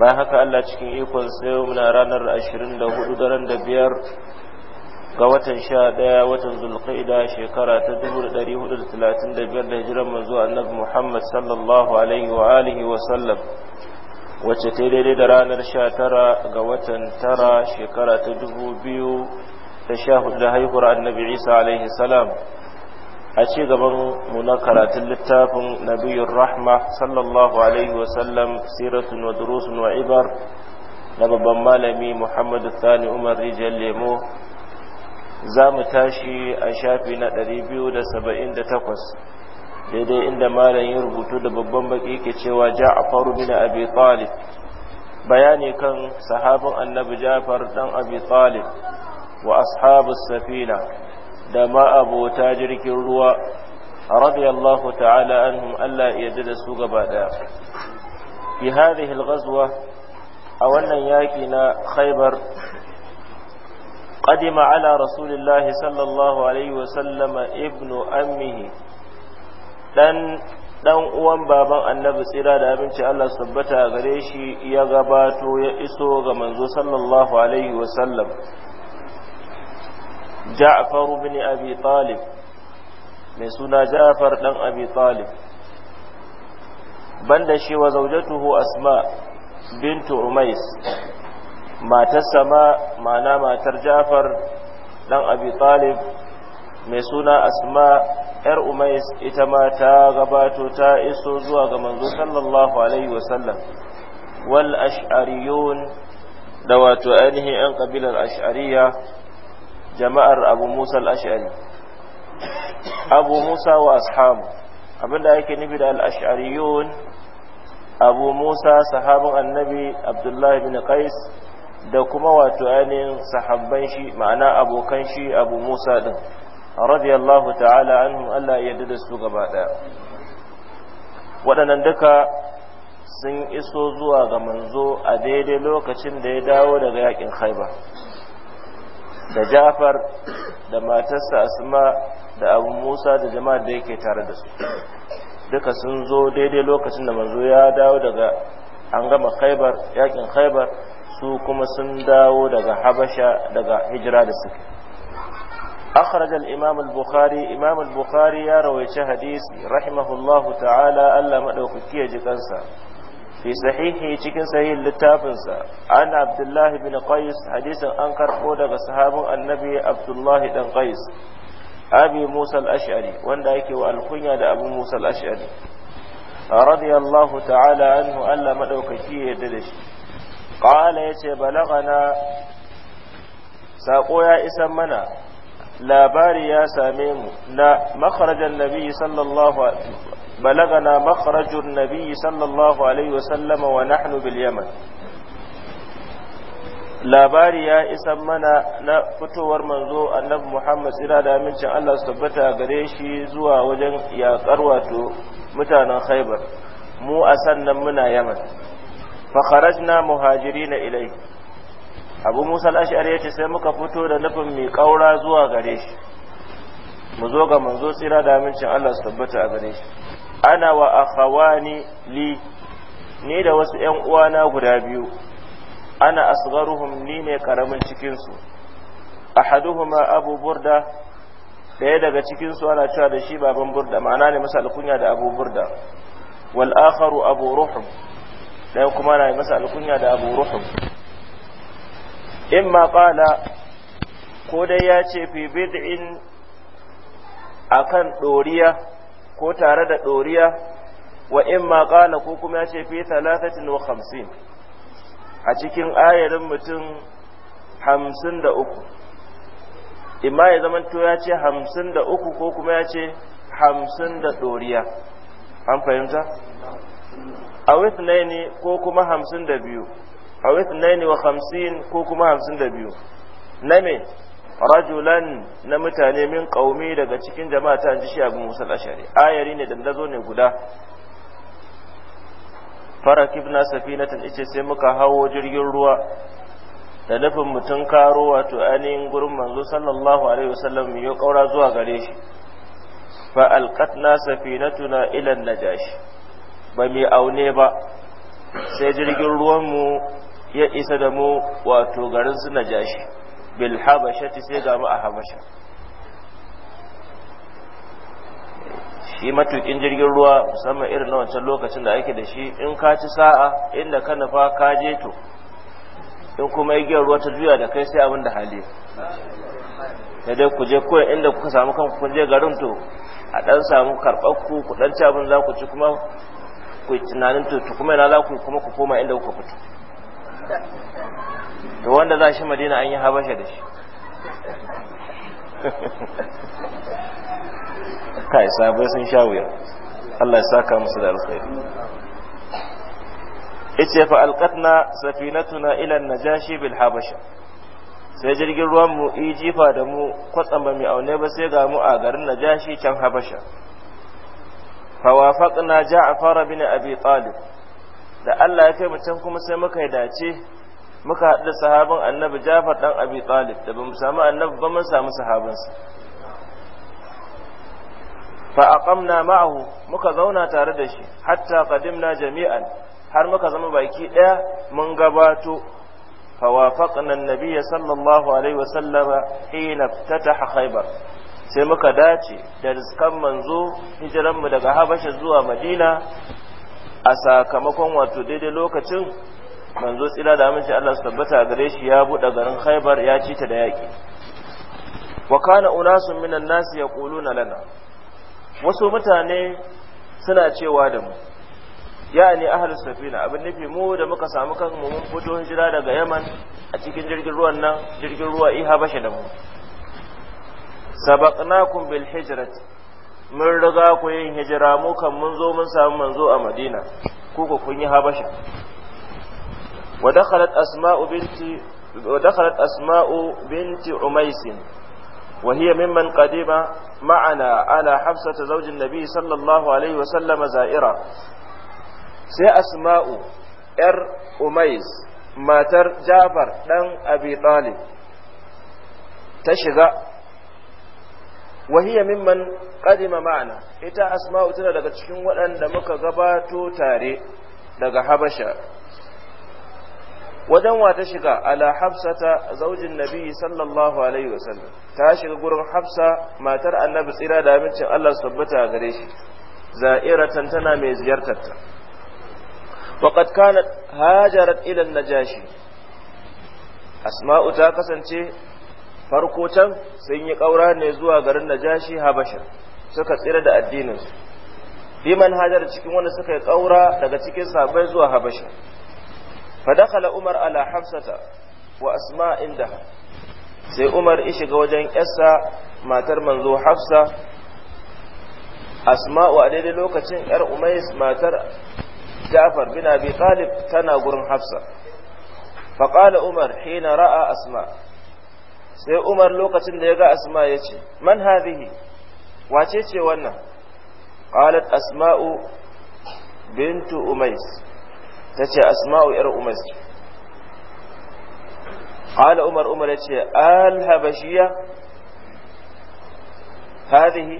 bayan haka Allah cikin ikon sayo muna ranar 24 daren da biyar ga watan sha daya watan zulqaida shekara ta 1435 da hijiran manzo annabi Muhammad sallallahu alaihi wa alihi wa sallam wacce ta daidai da ranar 19 ga watan 9 shekara ta 2000 ta sha hudu da haihuwar annabi Isa alaihi salam a ci gaban mu na karatun littafin nabiyun rahma sallallahu alaihi wasallam siratun wa durusun wa ibar na babban malami muhammadu Sani umar rijiyar lemo za mu tashi a shafi na 278 daidai inda malam ya rubutu da babban baki ke cewa ja a ja'afar bin abi talib bayani kan sahabin annabi ja'far dan abi talib wa ashabu safina da ma'abota jirgin ruwa radiyallahu ta'ala anhum Allah ya yarda da su gaba daya fi hadhihi al-ghazwa a wannan yaki na Khaybar قدم ala rasulillah sallallahu alaihi wa sallam ibnu ابن dan dan uwan baban annabi tsira da abinci Allah subbata gare shi ya gabato ya iso ga manzo sallallahu alaihi sallam. jafaru bin abi talib mai suna ja'far dan abi talib banda shi wa zaujatuhu asma bintu umais matar sama mana matar ja'far dan abi talib mai suna asma yar umais ita ma ta gabato ta iso zuwa ga manzo sallallahu alaihi wasallam wal ash'ariyun da wato ainihin yan kabilar ash'ariya jama'ar abu musa al'ashari abu musa wa ashabu abinda yake nufi da al'ashariyun abu musa sahabin annabi abdullahi bin qais da kuma wato ainihin sahabban shi ma'ana abokan shi abu musa din radiyallahu ta'ala anhum Allah ya yarda da su gaba daya waɗannan duka sun iso zuwa ga manzo a daidai lokacin da ya dawo daga yakin khaibar da jafar da matarsa asma da abu musa da jama'ar da yake tare da su duka sun zo daidai lokacin da manzo ya dawo daga an gama khaibar yakin khaibar su kuma sun dawo daga habasha daga hijira da suke أخرج الإمام البخاري إمام البخاري hadisi حديث رحمه الله تعالى ألا مدوك كي جكنسا fi sahihi cikin sahihin littafinsa an abdullahi bin qais hadisin an karɓo daga sahabin annabi abdullahi dan qais abi musa al-ash'ari wanda yake wa alkunya da abu musa al-ash'ari radiyallahu ta'ala anhu Allah madaukaki ya yarda da shi qala yace balagana sako ya isa mana labari ya same mu na makharajan nabi sallallahu alaihi بلغنا مخرج النبي صلى الله عليه وسلم ونحن باليمن labari ya isa mana na fitowar manzo annabi Muhammad tsira da amincin Allah su tabbata gare shi zuwa wajen yaƙar wato mutanen Khaibar mu a sannan muna Yaman fa kharajna muhajirina ilai Abu Musa al-Ash'ari yace sai muka fito da nufin mai kaura zuwa gare shi mu zo ga manzo tsira da amincin Allah su tabbata gare shi ana wa akhawani li ni da wasu ƴan uwana guda biyu ana asgharuhum ni ne karamin cikin su ahaduhuma abu burda daya daga cikin su ana cewa da shi baban burda ma'ana ne masa alkunya da abu burda wal akharu abu ruhum daya kuma ana masa alkunya da abu ruhum imma qala ko dai ya ce fi bid'in akan doriya ko tare da ɗoriya wa in ma ƙala ko kuma ya ce fi talatatin wa hamsin a cikin ayarin mutum hamsin da uku imma ya zamanto ya ce hamsin da uku ko kuma ya ce hamsin da ɗoriya an fahimta a withnaini ko kuma hamsin da biyu a withnaini wa hamsin ko kuma hamsin da biyu na me rajulan na mutane min kaumi daga cikin jama'a ta ji shi abin musa al-ashari ayari ne dandazo ne guda farakibna safinatan ice sai muka hawo jirgin ruwa da nufin mutum karo wato ainihin gurin manzo sallallahu alaihi wasallam yo kaura zuwa gare shi fa alqatna safinatuna ila jashi. ba mai aune ba sai jirgin ruwanmu ya isa da mu wato garin su najashi bil habashati sai ga mu a habasha shi matukin jirgin ruwa musamman irin na wancan lokacin da ake da shi in ka ci sa'a inda ka nufa ka je to in kuma igiyar ruwa ta juya da kai sai abin da hali ta dai ku je kawai inda kuka samu kanku kun je garin to a dan samu karɓar ku dan ci abin za ku ci kuma ku tunanin to kuma ina za ku kuma ku koma inda kuka fito Da wanda za shi madina an yi habasha da shi kai sabai sun sha wuya Allah ya saka musu da alkhairi yace fa alqatna safinatuna ila najashi bil habasha sai jirgin ruwan mu jifa da mu kwatsa ba mu aune ba sai ga mu a garin najashi can habasha fa wafaqna ja'far bin abi talib da Allah ya kai mu kuma sai muka dace muka haɗu da sahabin annabi Jafar ɗan Abi Talib da bamu samu annabi ba mun samu sahabinsa fa aqamna ma'ahu muka zauna tare da shi hatta qadimna jami'an har muka zama baki ɗaya mun gabato fa wafaqna an-nabiy sallallahu alaihi wa sallama hina iftataha khaybar sai muka dace da rizkan manzo hijiran mu daga Habasha zuwa Madina a sakamakon wato daidai lokacin manzo tsira da aminci Allah su tabbata gare shi ya buɗe garin haibar, ya ci ta da yaƙi wa kana unasun minan nasi yaquluna lana wasu mutane suna cewa da mu yani ahlus safina abin nufi mu da muka samu kan mu mun fito hijira daga Yaman a cikin jirgin ruwan nan jirgin ruwa iha bashi da mu sabaqnakum bil hijrati mun riga ku yin hijira mu kan mun zo mun samu manzo a madina ku ku kun yi habasha wa dakhalat asma'u binti wa dakhalat asma'u binti umais wa hiya mimman qadima ma'ana ala hafsata zawjin nabi sallallahu alaihi wa sallama za'ira sai asma'u yar umais matar jafar dan abi talib ta shiga wahiya mimman qadima ma'ana ita asma'u tana daga cikin waɗanda muka gabato tare daga habasha wajen wata shiga ala ta zaujin nabi sallallahu alaihi wasallam ta shiga gurin hafsa matar annabi tsira da amincin Allah su tabbata gare shi za'iratan tana mai ziyartarta waqad kanat hajarat ila najashi asma'u ta kasance farko can sun yi ƙaura ne zuwa garin najashi habasha suka tsira da addininsu biman hajar cikin wanda suka yi ƙaura daga cikin sabai zuwa habasha fadakala umar ala hafsata wa asma inda sai umar ishi ga wajen yassa matar manzo hafsa asma wa daidai lokacin yar umais matar jafar bin abi talib tana gurin hafsa faƙala umar hina ra'a asma' sai umar lokacin da ya ga asma ya ce man hazihi wace ce wannan qalat asma'u bintu umais tace asma'u yar umais qala umar umar ya ce al habashiya hazihi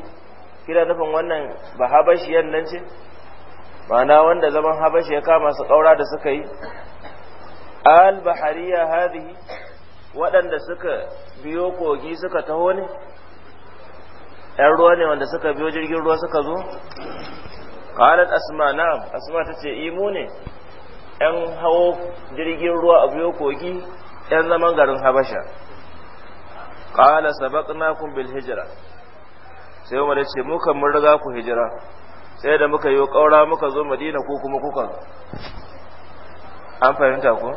kira nufin wannan ba habashiyan nan ce ma'ana wanda zaman habashi ya kama su kaura da suka yi al bahariya hazihi waɗanda suka biyo kogi suka taho ne ‘yan ruwa ne wanda suka biyo jirgin ruwa suka zo ƙalat asma na asma ta ce imu ne ‘yan hawo jirgin ruwa a biyo kogi ‘yan zaman garin habasha ƙala sabakna na bil hijira sai umar ya ce muka mun riga ku hijira sai da muka yi ƙaura muka zo madina ko kuma kuka an fahimta ku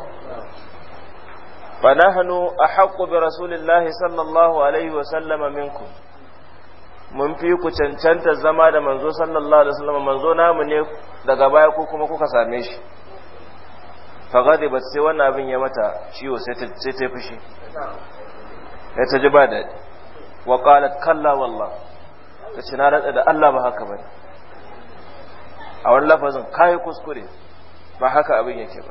فنحن أحق برسول الله صلى الله عليه وسلم منكم mun fi ku cancanta zama da manzo sallallahu alaihi wasallam manzo namu ne daga baya ko kuma kuka same shi fa ba sai wannan abin ya mata ciwo sai ta sai ta fushi sai ta ji ba da wa qalat kalla wallah ta ce na rada da Allah ba haka bane a wannan lafazin kai kuskure ba haka abin yake ba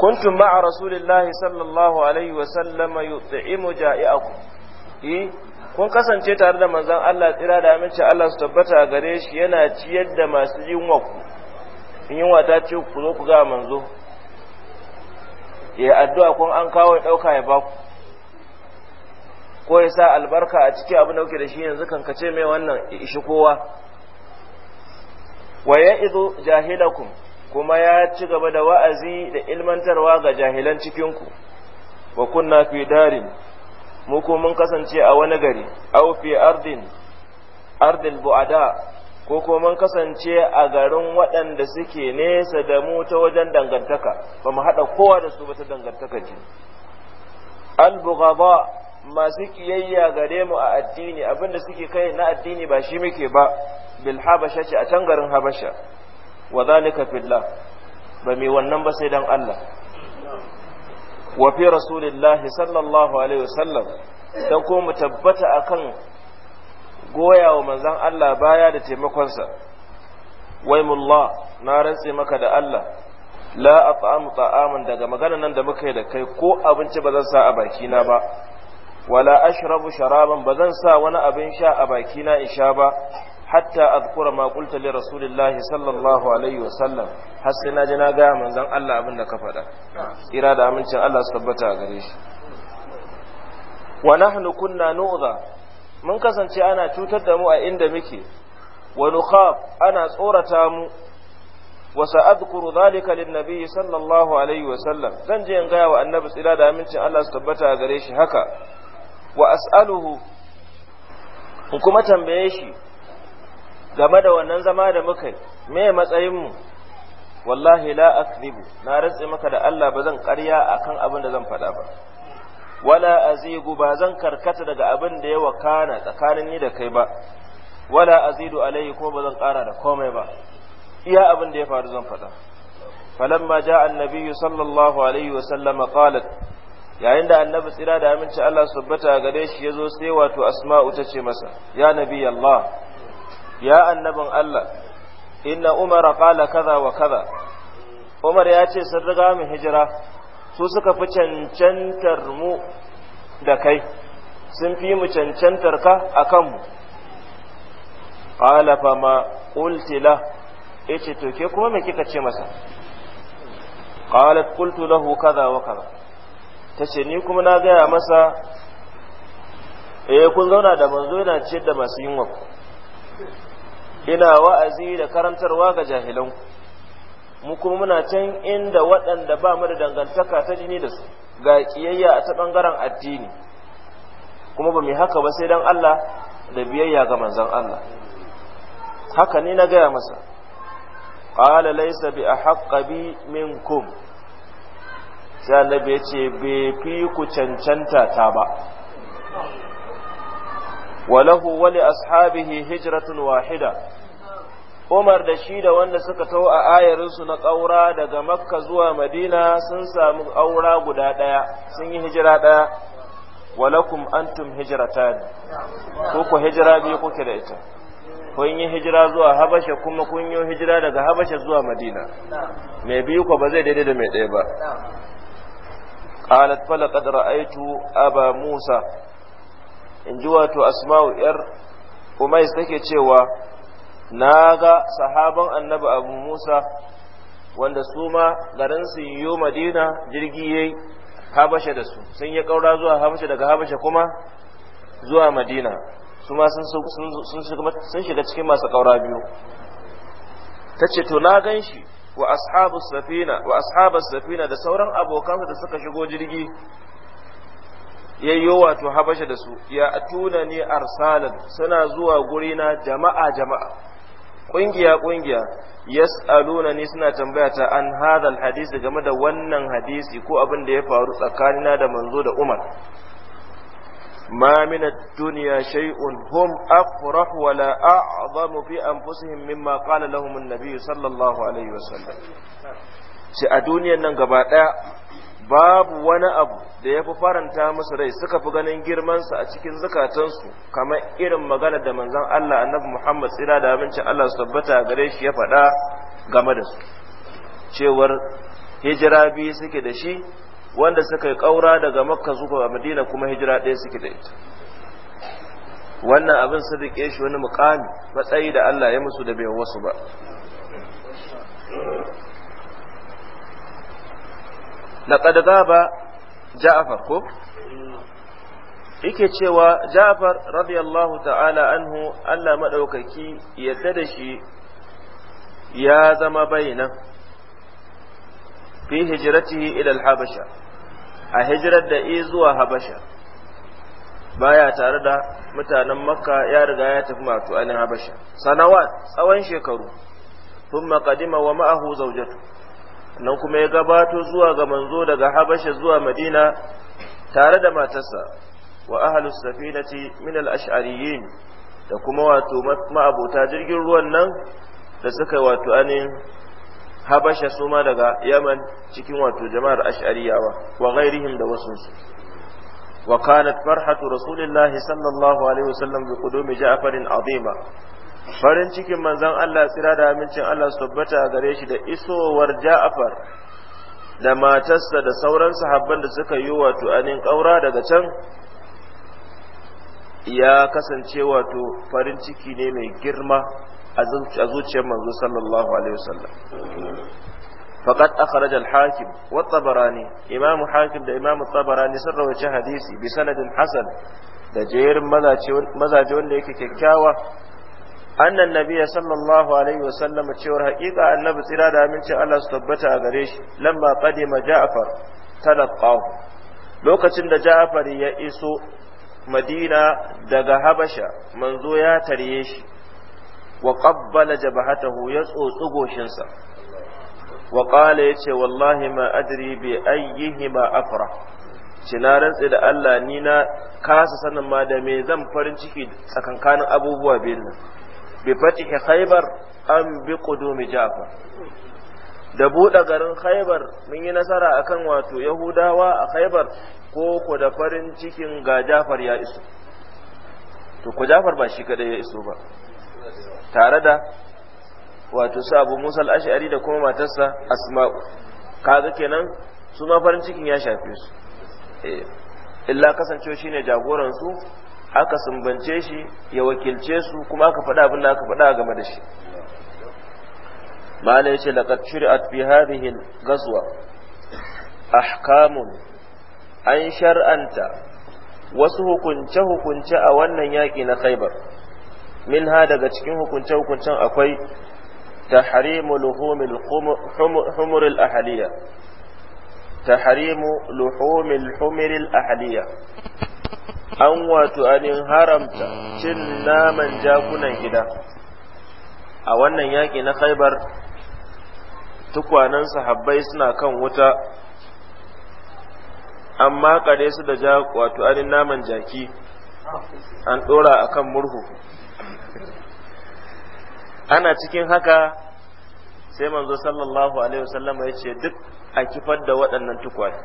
kuntum ma'a rasulillahi sallallahu alaihi wa sallama yut'imu ja'iakum E, kun kasance tare da manzon Allah tsira da aminci Allah su tabbata a gare shi yana ciyar da masu yunwa ku in yunwa ta ce ku zo ku ga manzo ya addu'a kun an kawo ya dauka ya baku ko ya sa albarka a ciki abin da kuke da shi yanzu kan kace mai wannan ishi kowa wa ya'idu jahilakum kuma ya ci gaba da wa'azi da ilmantarwa ga jahilan cikinku wa kunna fi darin mu ko mun kasance a wani gari au fi ardin ardin bu'ada ko ko mun kasance a garin waɗanda suke nesa da mu ta wajen dangantaka ba mu haɗa kowa da su ba ta dangantaka ji al-bughadha masu kiyayya gare mu a addini abinda suke kai na addini ba shi muke ba bil habasha ce a can garin habasha wa zalika fillah ba mai wannan ba sai dan Allah wa fi rasulillahi sallallahu alaihi wasallam dan ko mu tabbata akan goya wa manzon Allah baya da taimakonsa waimullah na rantse maka da Allah la at'amu ta'aman daga magana nan da muka yi da kai ko abinci ba zan sa a baki na ba wala ashrabu sharaban ba zan sa wani abin sha a baki na in sha ba hatta azkura ma qulta li rasulillah sallallahu alaihi wasallam har sai na ji na ga manzon Allah abin da ka faɗa ira da amincin Allah su tabbata a gare shi wa nahnu kunna nu'dha mun kasance ana cutar da mu a inda muke wa nukhaf ana tsorata mu wa sa'adhkuru dhalika lin-nabi sallallahu alaihi wasallam zan je in ga wa annabi tsira da amincin Allah su tabbata a gare shi haka wa as'aluhu in kuma tambaye shi game da wannan zama da muka yi me matsayinmu wallahi la akzibu na rantsi maka da Allah ba zan ƙarya akan abin da zan faɗa ba wala azigu ba zan karkata daga abin da ya wakana tsakanin ni da kai ba wala azidu alayhi ko ba zan ƙara da komai ba iya abin da ya faru zan faɗa falamma ja annabi sallallahu alaihi wa sallama qalat yayin da annabi tsira da aminci Allah ta'ala gare shi yazo sai wato asma'u tace masa ya nabi Allah ya annabin Allah inna umar qala kaza wa kaza umar ya ce sun riga mu hijira su suka fi cancantar mu da kai sun fi mu cancantar ka a kanmu qala fa ma Ya yace to ke kuma me kika ce masa qalat qultu lahu kaza wa kaza tace ni kuma na gaya masa eh kun zauna da manzo yana ce da masu yunwa ina wa'azi da karantarwa ga jahilan mu kuma muna can inda waɗanda ba mu da dangantaka ta jini da su ga kiyayya a ta ɓangaren addini kuma ba mu haka ba sai don Allah da biyayya ga manzan Allah haka ne na gaya masa qala laysa bi haƙƙa bi minkum sai annabi ya ce bai fi ku cancanta ta ba وله ولأصحابه هجرة واحدة Umar da shi da wanda suka tau a ayarinsu na ƙaura daga Makka zuwa Madina sun samu ƙaura guda ɗaya, sun yi hijira ɗaya, walakum antum hijirata ne, ko ku hijira biyu kuke da ita, kun yi hijira zuwa Habasha kuma kun yi hijira daga Habasha zuwa Madina, mai biyu ku ba zai daidai da mai ɗaya ba. Qalat fala ra'aytu Aba Musa in ji wato asma'u yar umais take cewa na ga sahaban annabi abu musa wanda su ma garin su yiwu madina jirgi yayi habasha da su sun yi kaura zuwa habasha daga habasha kuma zuwa madina su ma sun shiga cikin masu kaura biyu ta ce to na gan shi wa ashabu safina wa safina da sauran abokansa da suka shigo jirgi yayyo wato habasha da su ya tuna ni arsalan suna zuwa gurina jama'a jama'a kungiya kungiya yas'aluna ni suna tambaya ta an hadal hadisi game da wannan hadisi ko abin da ya faru tsakanina da manzo da Umar ma min ad-dunya shay'un hum afrah wa la a'zamu fi anfusihim mimma qala lahum an-nabiy sallallahu alaihi wasallam shi a duniyar nan gaba daya babu wani abu da ya fi faranta musu rai suka fi ganin girmansa a cikin zukatansu kamar irin magana da manzon Allah annabi Muhammad tsira da aminci Allah su tabbata gare shi ya faɗa game da su cewar hijira biyu suke da shi wanda suka yi ƙaura daga makka zuwa madina kuma hijira ɗaya suke da ita wannan abin sun riƙe shi wani muƙami matsayi da Allah ya musu da bai wasu ba لقد ba ja'far ko yake cewa ja'far radiyallahu ta'ala anhu Allah madaukaki yadda da shi ya zama bayyana fi hijratihi ila al-habasha a hijrar da yi zuwa habasha baya tare da mutanen makka ya riga ya tafi matu anin habasha sanawat tsawon shekaru thumma qadima wa ma'ahu zawjatu nan kuma ya gabato zuwa ga manzo daga habasha zuwa madina tare da matarsa wa ahlus safinati min al-ash'ariyyin da kuma wato ma'abota jirgin ruwan nan da suka wato anin habasha su ma daga yaman cikin wato jama'ar ash'ariyawa wa ghairihim da wasunsu wa kanat farhatu rasulillahi sallallahu alaihi wasallam bi qudumi ja'farin azima farin cikin manzan Allah tsira da amincin Allah su tabbata gare shi da isowar ja'afar da matarsa da sauran sahabban da suka yi wato anin ƙaura daga can ya kasance wato farin ciki ne mai girma a zuciyar manzo sallallahu alaihi wasallam faqad akhraj al-hakim wa tabarani Imam hakim da Imam tabarani sun rawaci hadisi bi sanadin hasan da jerin mazaje wanda yake kyakkyawa annan nabiya sallallahu alaihi wasallam cewar haƙiƙa annabi tsira da amincin Allah su tabbata a gare shi lamma qadima Ja'far talaqahu lokacin da Ja'far ya iso Madina daga Habasha manzo ya tarye shi wa qabbala jabhatahu ya tsotsi goshinsa wa qala yace wallahi ma adri bi ayyihima afra ci na rantse da Allah ni na kasa sanin ma da me zan farin ciki tsakankanin abubuwa biyun bi fatihi khaybar an bi jafar da buɗe garin khaybar mun yi nasara akan wato yahudawa a khaybar ko ku da farin cikin ga jafar ya iso to ku jafar ba shi kadai ya iso ba tare da wato su abu musa al'ashari da kuma matarsa asma'u kaga kenan su ma farin cikin ya shafe su eh, illa kasancewa shine jagoransu aka sumbance shi ya wakilce su kuma aka faɗa abin da aka faɗa game da shi malai ce laqad shuri'at fi hadhihi al-ghazwa ahkamun an shar'anta wasu hukunce hukunce a wannan yaƙi na Khaibar ha daga cikin hukunce hukuncen akwai tahrimu luhumil humur al-ahliya tahrimu luhumil humur ahliya an wato anin haramta cin naman jakunan gida a wannan yaƙi na khaibar tukwanen sahabbai suna kan wuta an makare su da ja wato anin naman jaki an ɗora a kan murhu ana cikin haka sai manzo sallallahu alaihi wasallama ya ce duk a kifar da waɗannan tukwane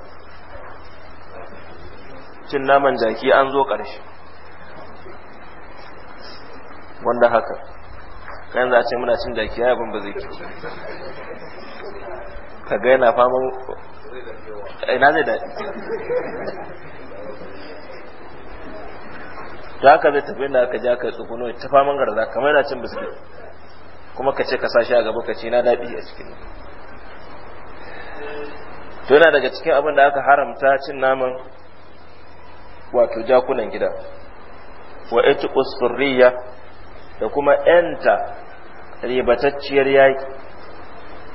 cin naman jaki an zo ƙarshe wanda haka kayan za a ce muna cin jaki ya yabin ba zai ke ka ga yana fama ina zai daɗi da haka zai tafi da aka ja yi tsuguno ta faman garza kamar yana cin biskit kuma ka ce ka a gaba ka ce na daɗi a cikin to yana daga cikin abin da aka haramta cin naman wato jakunan gida wa ita surriya da kuma yanta ribatacciyar yaki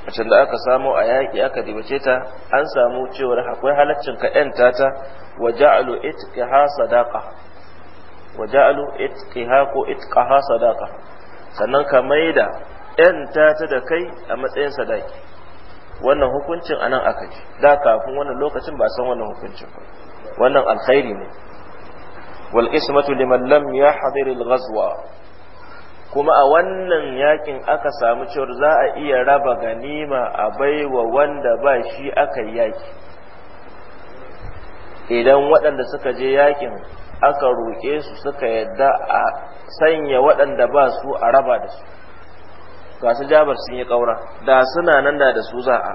wacce da aka samu a yaki aka ribace ta an samu cewar akwai halaccin ka yanta ta wa ja'alu sadaqa wa ja'alu ko itqaha sadaqa sannan ka maida yanta ta da kai a matsayin sadaki wannan hukuncin anan aka ji da kafin wannan lokacin ba san wannan hukuncin ba wannan alkhairi ne wal ismatu liman lam yahdir al ghazwa kuma a wannan yakin aka samu cewa za a iya raba ganima a baiwa wanda ba shi aka yaki idan waɗanda suka je yakin aka roƙe su suka yadda a sanya waɗanda ba su a raba da su ga su jabar sun yi ƙaura da suna nan da da su za a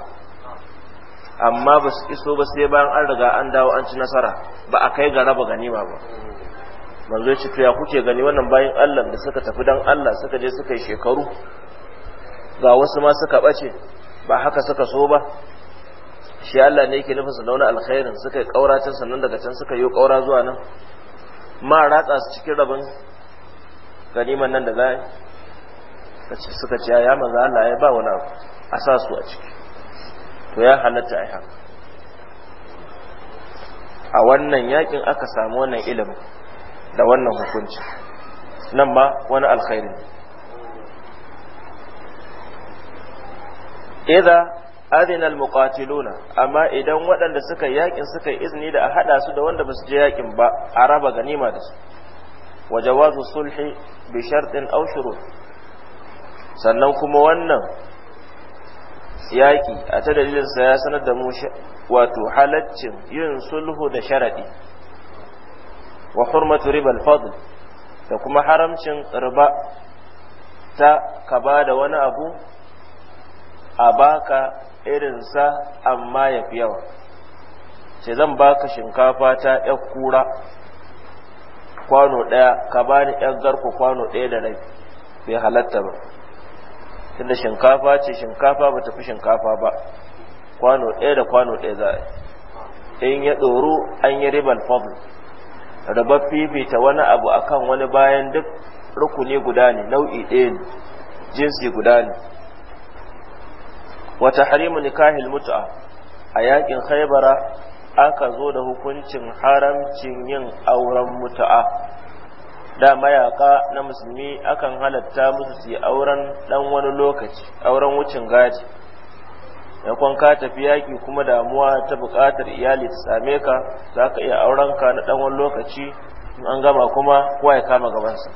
amma ba su iso ba sai bayan an riga an dawo an ci nasara ba a kai ga raba ganima ba manzo ya ce to ya kuke gani wannan bayan Allah da suka tafi dan Allah suka je suka yi shekaru ga wasu ma suka bace ba haka suka so ba shi Allah ne yake nufin su launa alkhairin suka yi kaura can sannan daga can suka yi kaura zuwa nan ma ratsa su cikin rabin ganiman nan da za a yi suka ce ya maza Allah ya ba wani abu a sa su a ciki to ya halatta ai a wannan yakin aka samu wannan ilimin da wannan hukunci nan ma wani alkhairi idza adina almuqatiluna amma idan waɗanda suka yakin suka yi izini da a hada su da wanda basu je yakin ba a raba ganima da su wa jawazu sulhi bi shartin aw shurut sannan kuma wannan yaƙi a ta dalilinsa ya sanar da mu wato halaccin yin sulhu da sharaɗi wa hurmatu ribal fadl da kuma haramcin riba ta ka ba da wani abu a baka irin sa amma ya fi yawa ce zan baka shinkafa ta ‘yan kura kwano ɗaya ka bani ‘yan garko kwano ɗaya da rai bai halatta ba tunda shinkafa ce shinkafa ba fi shinkafa ba kwano ɗaya da kwano ɗaya za a in ya ɗoro an yi ribar fadl rabar fifita wani abu akan wani bayan duk rukuni guda ne nau'i ɗaya ne jinsi guda ne wata harimu nikahil mutu'a a yakin haibara aka zo da hukuncin haramcin yin auren mutu'a da mayaka na musulmi akan halatta musu su yi auren dan wani lokaci auren wucin gadi yakon ka tafi yaki kuma damuwa ta buƙatar iyali ta same ka za ka iya auren ka na dan wani lokaci in an gama kuma kowa ya kama gabansa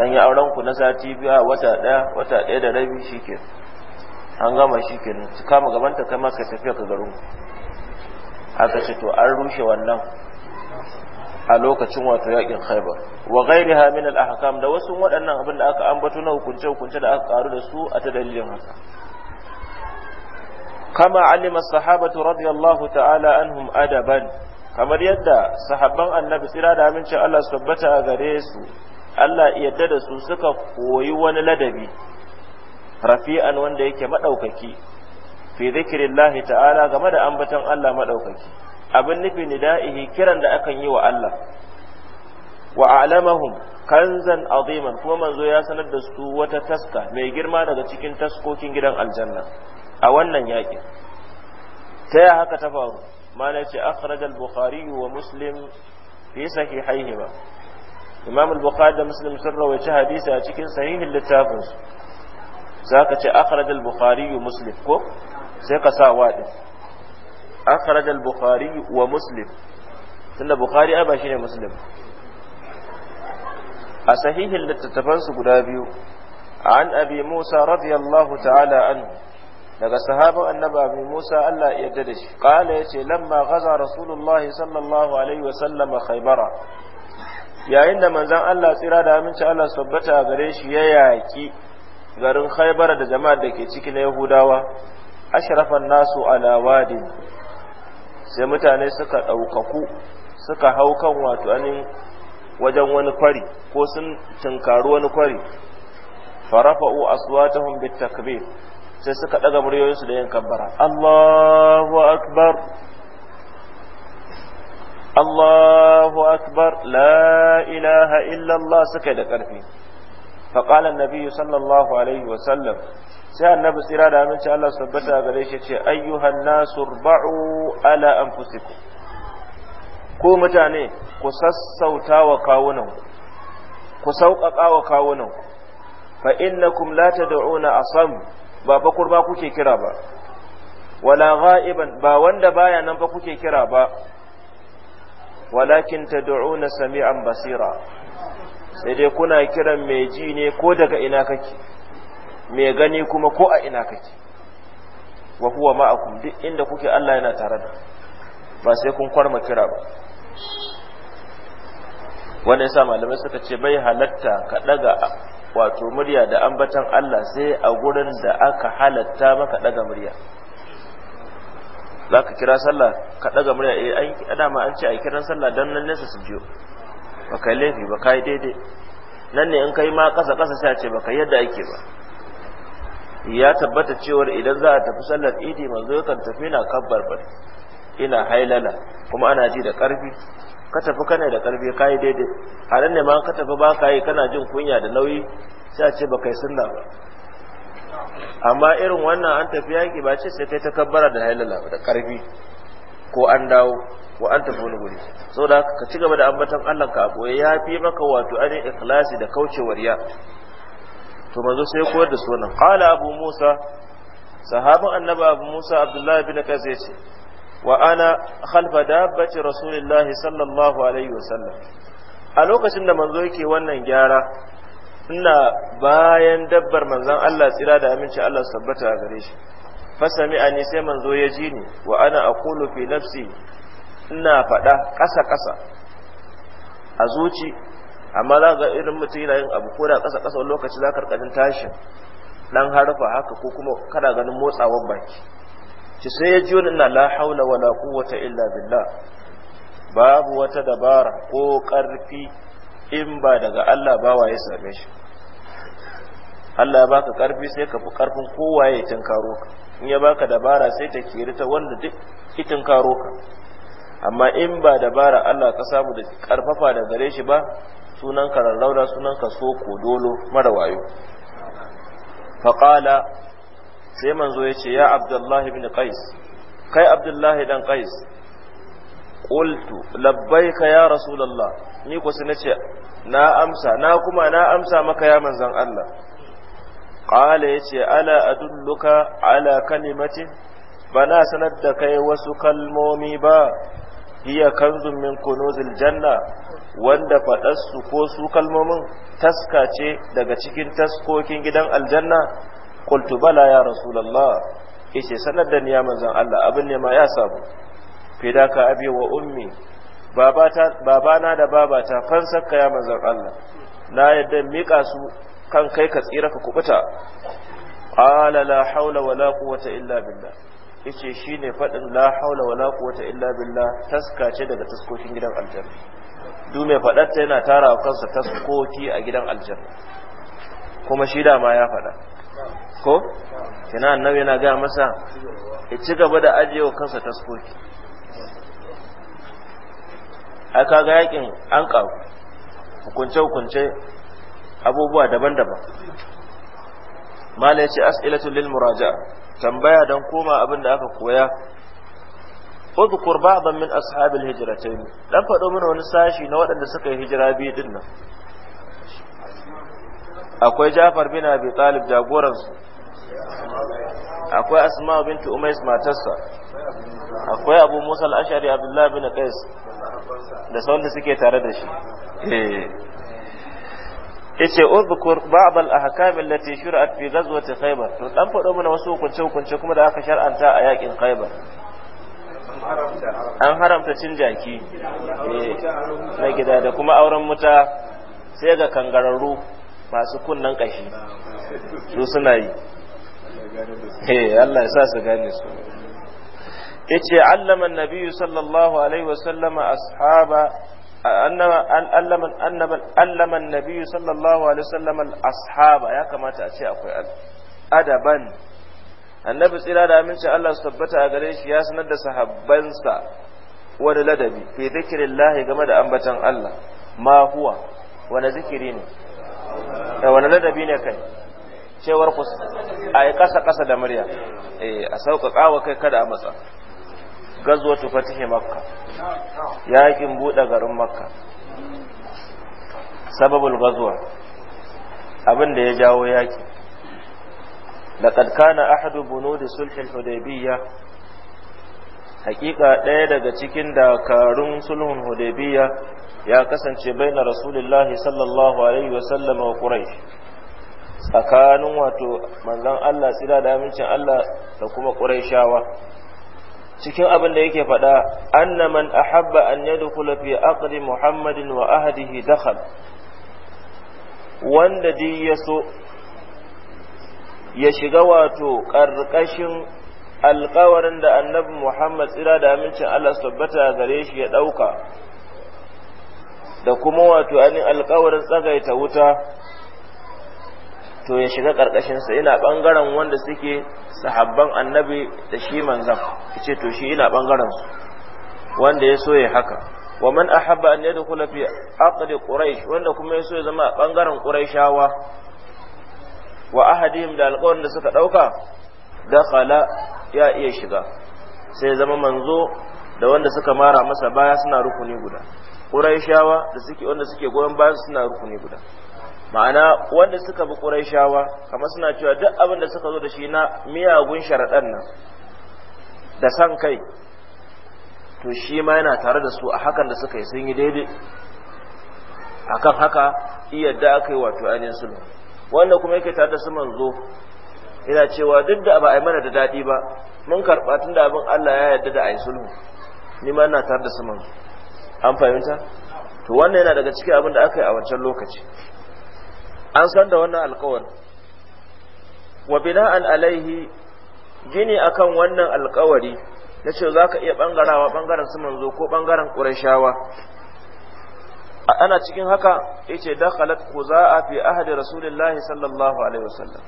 dan ya auren ku na sati biyu wata ɗaya wata ɗaya da rabi shike an gama shike su kama gabanta kai ma ka tafi ka garin haka ce to an rushe wannan a lokacin wato yakin khaibar wa ghairiha min al ahkam da wasu waɗannan abin da aka ambato na hukunce hukunce da aka karu da su a ta dalilin haka kama alima sahabatu radiyallahu ta'ala anhum adaban kamar yadda sahabban annabi sira da amincin Allah su tabbata a gare su Allah yadda da su suka koyi wani ladabi rafi'an wanda yake madaukaki fi zikrillahi ta'ala game da ambaton Allah madaukaki abin nufi nida'ihi kiran da akan yi wa Allah wa a'lamahum kanzan aziman kuma manzo ya sanar da su wata taska mai girma daga cikin taskokin gidan aljanna a wannan yaƙin ta ya haka ta faru mana ce akhrajal bukhari wa muslim fi sahihaihima imam al-bukhari da muslim sun rawaita hadisi a cikin sahihin littafin su zaka ce akhrajal bukhari muslim ko sai ka sa wadin akhraj al-bukhari wa muslim tunda bukhari ai ba shine muslim a sahihin littattafansu guda biyu an abi musa radiyallahu ta'ala anhu daga sahaban annabi abi musa Allah ya yarda da shi qala yace lamma ghaza rasulullahi sallallahu alaihi wa sallam khaybara yayin da manzon Allah tsira da aminci Allah tabbata gare shi ya yaki garin khaybara da jama'ar da ke ciki na yahudawa ashrafan nasu ala sai mutane suka ɗaukaku suka hau kan wato anin wajen wani kwari ko sun tunkaru wani kwari farafa'u aswatahum bitakbir sai suka daga muryoyinsu da yin kabbara Allahu akbar Allahu akbar la ilaha illallah suka da ƙarfi فقال النبي صلى الله عليه وسلم سأل النبي صلى الله عليه وسلم الله سبتا قليش أيها الناس اربعوا على أنفسكم ku mutane ku sassauta wa kawunan ku sauƙaƙa wa kawunan fa innakum la tad'una asam ba fa kurba kuke kira ba wala ghaiban ba wanda baya nan fa kuke kira ba walakin tad'una sami'an basira sai dai kuna kiran mai ji ne ko daga ina kake mai gani kuma ko a ina kake wa huwa ma'akum duk inda kuke Allah yana tare da ba sai kun kwarma kira ba wannan yasa malamai suka ce bai halatta ka daga wato murya da ambatan Allah sai a gurin da aka halatta maka daga murya za ka kira sallah ka daga murya eh an dama an ce a kiran sallah dan nan nesa su jiyo ba kai laifi ba kai daidai nan ne in kai ma kasa kasa sai a ce ba kai yadda ake ba ya tabbata cewar idan za a tafi sallar idi manzo kan tafi na kabbar ba ina hailala kuma ana ji da karfi ka tafi kana da karfi kai daidai a nan ne ma ka tafi ba kai kana jin kunya da nauyi sai a ce ba kai sunna ba amma irin wannan an tafi yaki ba ce sai kai ta kabbara da hailala da karfi ko an dawo ko an tafi wani guri saboda haka ka ci gaba da ambatan Allah ka koyi ya fi maka wato anin ikhlasi da kaucewar ya to manzo sai koyar da su wannan qala abu musa sahaban annabi abu musa abdullahi bin kaze ce wa ana khalfa dabbati rasulillahi sallallahu alaihi wasallam a lokacin da manzo yake wannan gyara ina bayan dabbar manzon Allah tsira da aminci Allah sabbata gare shi fasami'ani sai manzo ya ji ni wa ana aqulu fi nafsi ina faɗa ƙasa ƙasa a zuci amma za ga irin mutum yana yin abu ko da ƙasa ƙasa wani lokaci za ka tashin dan harfa haka ko kuma kana ganin motsawar baki ci sai ya ji wani ina la haula wala quwwata illa billah babu wata dabara ko ƙarfi in ba daga Allah ba waye same shi Allah ya baka ƙarfi sai ka fi ƙarfin kowaye tunkaro ka in ya baka dabara sai ta kiri ta wanda duk itin karo ka amma in ba dabara Allah ka samu da karfafa da gare shi ba sunan ka rarraura sunan ka so ko dolo mara wayo qala sai manzo ya ce ya abdullahi ibn qais kai abdullahi dan qais qultu labbaika ya rasulullah ni ko sai na amsa na kuma na amsa maka ya manzon Allah qala yace ala adulluka ala kalimatin bana sanar da kai wasu kalmomi ba hiya kanzun min kunuzil janna wanda faɗarsu ko su kalmomin taska ce daga cikin taskokin gidan aljanna qultu bala ya rasulullah yace sanar da niya manzan Allah abin ne ma ya samu fidaka abi wa ummi babana da babata fansarka ya manzan Allah na yadda mika su kan kai ka tsira ka kubuta qala la haula wala quwwata illa billah yace shine fadin la haula wala quwwata illa billah taska ce daga taskokin gidan aljanna du mai fadar ta yana tara wa kansa taskoki a gidan aljanna kuma shi da ma ya fada ko kina annabi yana ga masa ya ci gaba da ajiyewa kansa taskoki ai ga yakin an kawo hukunce hukunce abubuwa daban-daban mala ya ce as'ilatu lil muraja tambaya don koma abin da aka koya udkur ba'dan min ashabil hijratain dan faɗo mana wani sashi na waɗanda suka yi hijira biyu dinnan. nan akwai Jafar bin Abi Talib jagoran su akwai Asma bint Umays matarsa akwai Abu Musa al-Ashari Abdullah bin Qais da sauran da suke tare da shi eh yace uzkur ba'd al-ahkam allati shur'at fi ghazwati khaybar to dan fado mana wasu hukunce hukunce kuma da aka shar'anta a yakin khaybar an haramta cin jaki eh, na gida da kuma auren muta sai ga kangararru masu kunnan kashi su suna yi eh Allah ya sa su gane su yace allama annabi sallallahu alaihi wasallama ashaba allama Nabiyu sallallahu alaihi wasallam al-ashaba ya kamata a ce akwai adaban annabi tsira da aminci Allah su tabbata a gare shi ya sanar da sahabbansa wani ladabi fi zikirin lahi game da ambatan Allah ma huwa wani zikiri ne da wani ladabi ne kai cewar ku a yi kasa kasa da murya a sauƙaƙa wa kai kada a matsa gazwatu fatihi makka yakin buɗe garin makka sababul gazwa abin da ya jawo yaki laqad kana ahadu bunudi sulhil hudaybiyya hakika ɗaya daga cikin dakarun sulhun hudaybiyya ya kasance baina rasulullahi sallallahu alaihi wa sallam wa tsakanin wato manzon Allah tsira da amincin Allah da kuma quraishawa cikin abin da yake faɗa anna man ahabba an yadkhula fi aqdi muhammadin wa ahdihi dakhal wanda ji ya so ya shiga wato ƙarƙashin alƙawarin da annabi Muhammad tsira da amincin Allah su tabbata gare shi ya ɗauka da kuma wato anin alƙawarin tsagaita wuta to ya shiga ƙarƙashinsa ina ɓangaren wanda suke sahabban annabi da shi manzan yace to shi ina bangaren su wanda ya so ya haka wa man ahabba an yadkhula fi aqd quraish wanda kuma ya so ya zama bangaren quraishawa wa ahadihim da alƙawarin da suka dauka khala ya iya shiga sai zama manzo da wanda suka mara masa baya suna rukuni guda quraishawa da suke wanda suke goyon baya suna rukuni guda ma'ana wanda suka bi ƙuraishawa kamar suna cewa duk abin da suka zo da shi na miyagun sharaɗan nan da san kai to shi ma yana tare da su a hakan da suka yi sun yi daidai akan haka iyadda aka yi wato ainihin sulhu wanda kuma yake tare da su manzo yana cewa duk da ba a yi mana da daɗi ba mun karɓa tun da abin Allah ya yarda da a yi sulhu ni ma ina tare da su manzo an fahimta to wannan yana daga cikin abin da aka yi a wancan lokaci an san da wannan alkawari wa bina'an alaihi gini akan wannan alkawari na ce za ka iya ɓangarawa ɓangaren su manzo ko ɓangaren ƙurashawa ana cikin haka ya ce dakhalat a fi ahadi rasulillahi sallallahu alaihi wasallam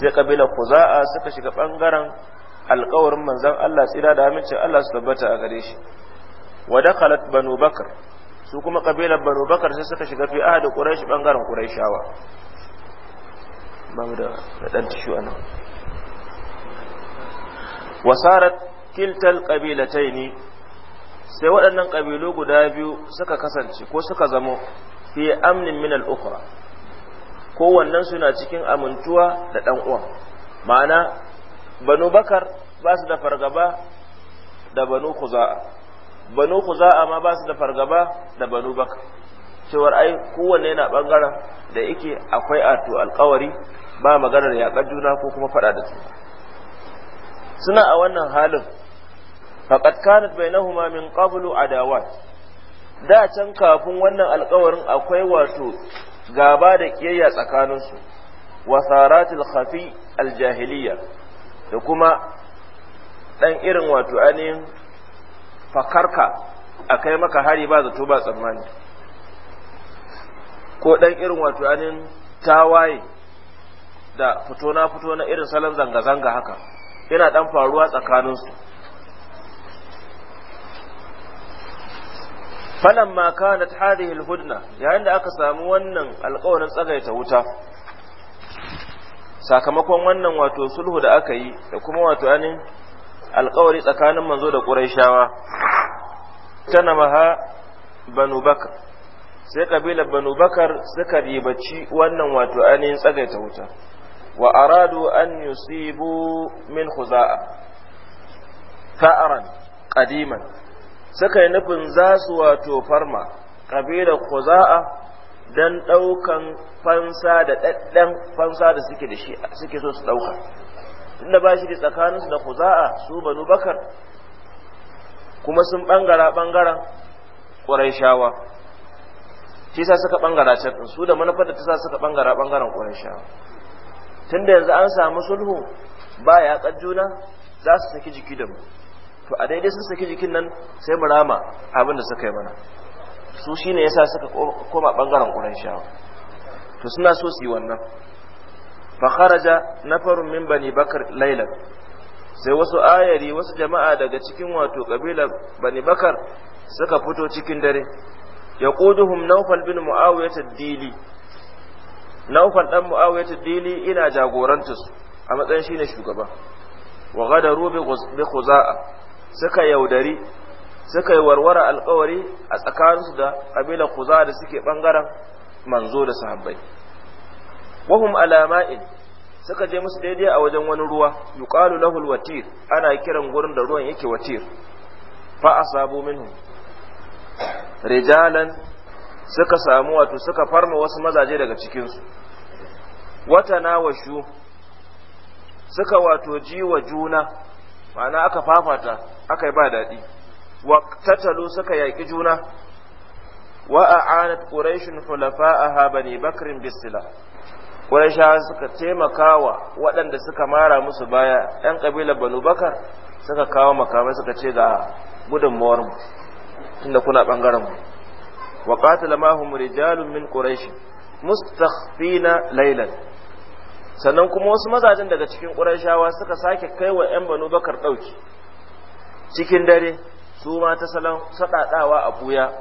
sai kabila a suka shiga ɓangaren alkawarin manzon Allah tsira da amincin Allah su tabbata a gare shi wa dakhalat banu bakar su kuma kabilar banu bakar sai suka shiga fi ahadu quraish bangaren quraishawa bamu da dan tishu anan wasarat kiltal ne sai waɗannan kabilu guda biyu suka kasance ko suka zamo fi amnin min al ko wannan suna cikin amintuwa da ɗan uwa, ma'ana banu bakar ba su da fargaba da banu za'a. banu ku za a ma ba su da fargaba da banu baka cewar ai kowanne yana bangaren da yake akwai ato alkawari ba maganar yaƙar juna ko kuma faɗa da su suna a wannan halin faqad kanat bainahuma min qablu adawat da can kafin wannan alkawarin akwai wato gaba da kiyayya tsakaninsu wasaratul khafi aljahiliya da kuma ɗan irin wato ainihin fakarka a kai maka hari ba zato ba tsammani ko dan irin wato anin tawaye da fito na fito na irin salon zanga-zanga haka yana dan faruwa tsakanin su. falan ma na tarihin alhudna yayin da aka samu wannan alƙawarin tsagaita wuta sakamakon wannan wato sulhu da aka yi da kuma wato anin alƙawari tsakanin manzo da ƙurayshawa tana maha banu bakar sai ƙabilar banu bakar suka ribaci wannan wato ainihin tsagaita wuta wa aradu an yusibu min khuza'a fa'aran ƙadiman, suka yi nufin za su wato farma ƙabilar khuza'a don ɗaukan fansa da ɗaɗɗen fansa da suke so su ɗauka tunda ba shi da tsakaninsu da kuza'a su banu bakar kuma sun bangara bangaren ƙurayshawa shi sa suka bangara can su da manufar da ta sa suka bangara bangaren ƙurayshawa tunda yanzu an samu sulhu ba ya juna za su saki jiki da mu to a daidai sun saki jikin nan sai mu rama abin da suka yi mana su shine yasa suka koma bangaren ƙurayshawa to suna so su yi wannan fa kharaja nafarun min bani bakar laylan sai wasu ayari wasu jama'a daga cikin wato kabilar bani bakar suka fito cikin dare ya ƙuduhum naufal bin mu'awiyat dili naufal dan mu'awiyat dili ina jagorantus a matsayin shine shugaba wa ghadaru bi khuza'a suka yaudari suka yi warwara alƙawari a tsakaninsu da kabilar khuza'a da suke bangaren manzo da sahabbai wahum alama'in suka je musu daidai a wajen wani ruwa yuqalu lahul watir ana kiran gurin da ruwan yake watir fa asabu minhu rijalan suka samu wato suka farma wasu mazaje daga cikin su wata nawashu suka wato ji wa juna ma'ana aka fafata aka yi ba daɗi wa tatalu suka yaƙi juna wa a'anat quraishun khulafa'aha bani bakrin bisila Qurayshawa suka taimakawa waɗanda suka mara musu baya ɗan ƙabila Banu Bakar suka kawo makamai suka ce ga gudunmuwar mu tunda kuna bangaren mu wa qatala hum rijalun min quraish mustakhfina laylan sannan kuma wasu mazajen daga cikin qurayshawa suka sake kaiwa yan Banu Bakar dauki cikin dare su ma ta salon sadadawa a buya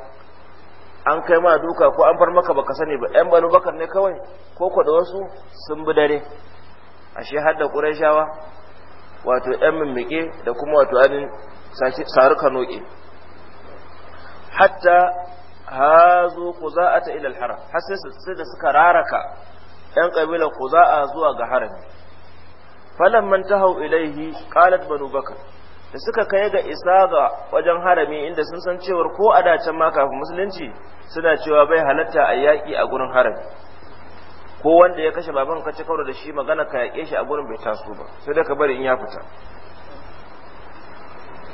an kai ma duka ko an far maka baka sani ba yan banu bakar ne kawai ko ko da wasu sun bi dare ashe hadda da qurayshawa wato yan mimmike da kuma wato anin saruka noke hatta hazu quza'ata ila al-haram har sai da suka raraka yan kabilar quza'a zuwa ga harami falamman tahau ilaihi qalat banu bakar da suka kai ga isa ga wajen harami inda sun san cewar ko a dacen ma kafin musulunci suna cewa bai halatta a yaƙi a gurin harami ko wanda ya kashe baban ka ci karo da shi magana ka yaƙe shi a gurin bai taso ba sai da ka bari in ya fita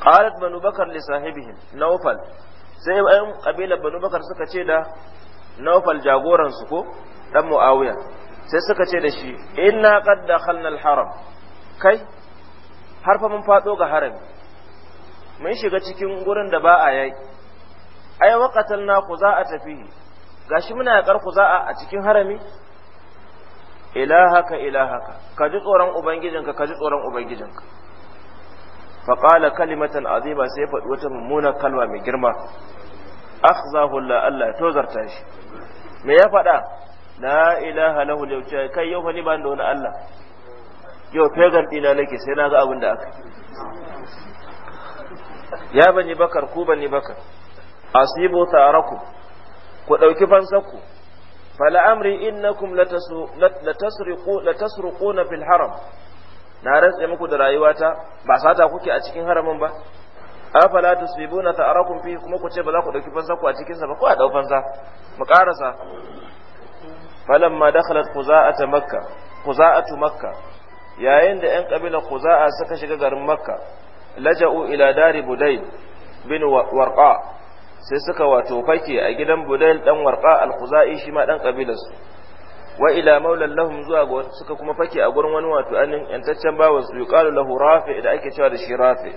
qalat banu bakar li sahibihim nawfal sai ayyun kabilar banu bakar suka ce da nawfal jagoran su ko dan muawiya sai suka ce da shi inna qad dakhalna al haram kai har fa mun faɗo ga harami mun shiga cikin gurin da ba a yayi ai waqatan na ku za a tafi gashi muna yakar ku za a cikin harami ilahaka ilahaka ka ji tsoron ubangijinka ka ji tsoron ubangijinka fa qala kalimatan azima sai faɗi wata mummuna kalma mai girma akhzahu la Allah ya tozarta shi me ya faɗa la ilaha lahu yau kai yau fa ni ban da wani Allah yau fegar dina nake sai na ga abin da aka ya bani bakar ku bani bakar asibu taraku ku ɗauki fansarku fala amri innakum latasriquna fil haram na rantsa muku da rayuwata ba sata kuke a cikin haramin ba afala tusibuna ta'arakum fi kuma ku ce ba za ku dauki fansa ku a cikin sa ba ku a dau fansa mu karasa falamma dakhalat quza'at makkah quza'at makkah yayin da 'yan kabila kuzaa suka shiga garin Makka laja'u ila dari Budayl bin Warqa sai suka wato fake a gidan Budayl dan Warqa al shi ma dan ƙabilar wa ila maulan lahum zuwa suka kuma fake a gurin wani wato anin yantaccen bawan su yuqalu lahu Rafi da ake cewa da shi Rafi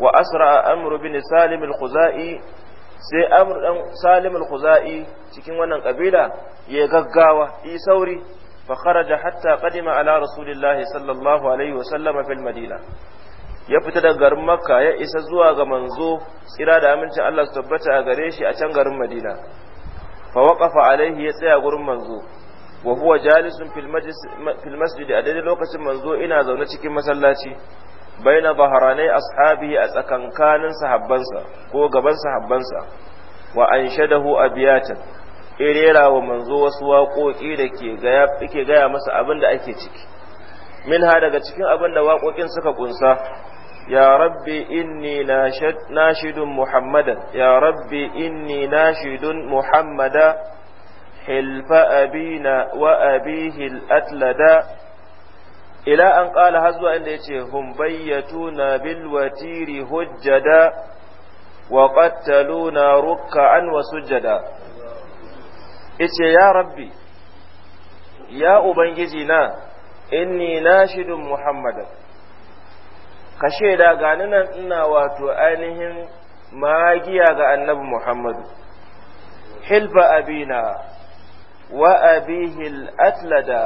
wa asra amru bin Salim al sai amru dan Salim al cikin wannan kabila ya gaggawa yi sauri فخرج حتى قدم على رسول الله صلى الله عليه وسلم في المدينة ya fita daga garin makka ya isa zuwa ga manzo tsira da amincin Allah su tabbata a gare shi a can garin madina fa waqafa alaihi ya tsaya gurin manzo wa huwa jalisun fil masjid a daidai lokacin manzo ina zaune cikin masallaci baina baharanai ashabihi a tsakankanin sahabbansa ko gaban sahabbansa wa anshadahu abiyatan irera wa manzo wasu waƙoƙi da ke gaya masa abin da ake ciki min ha daga cikin abin da waƙoƙin suka ƙunsa ya rabbi inni nashidun muhammadan ya rabbi inni nashidun muhammada hilfa abina wa abihi atlada. ila an ƙala har zuwa inda ya ce hum bayyatuna bil watiri hujjada wa qattaluna an wa sujjada yace ya rabbi ya ubangiji na inni nashidun muhammadan ka shaida gani nan ina wato ainihin magiya ga annabi muhammadu hilba abina wa abihil atlada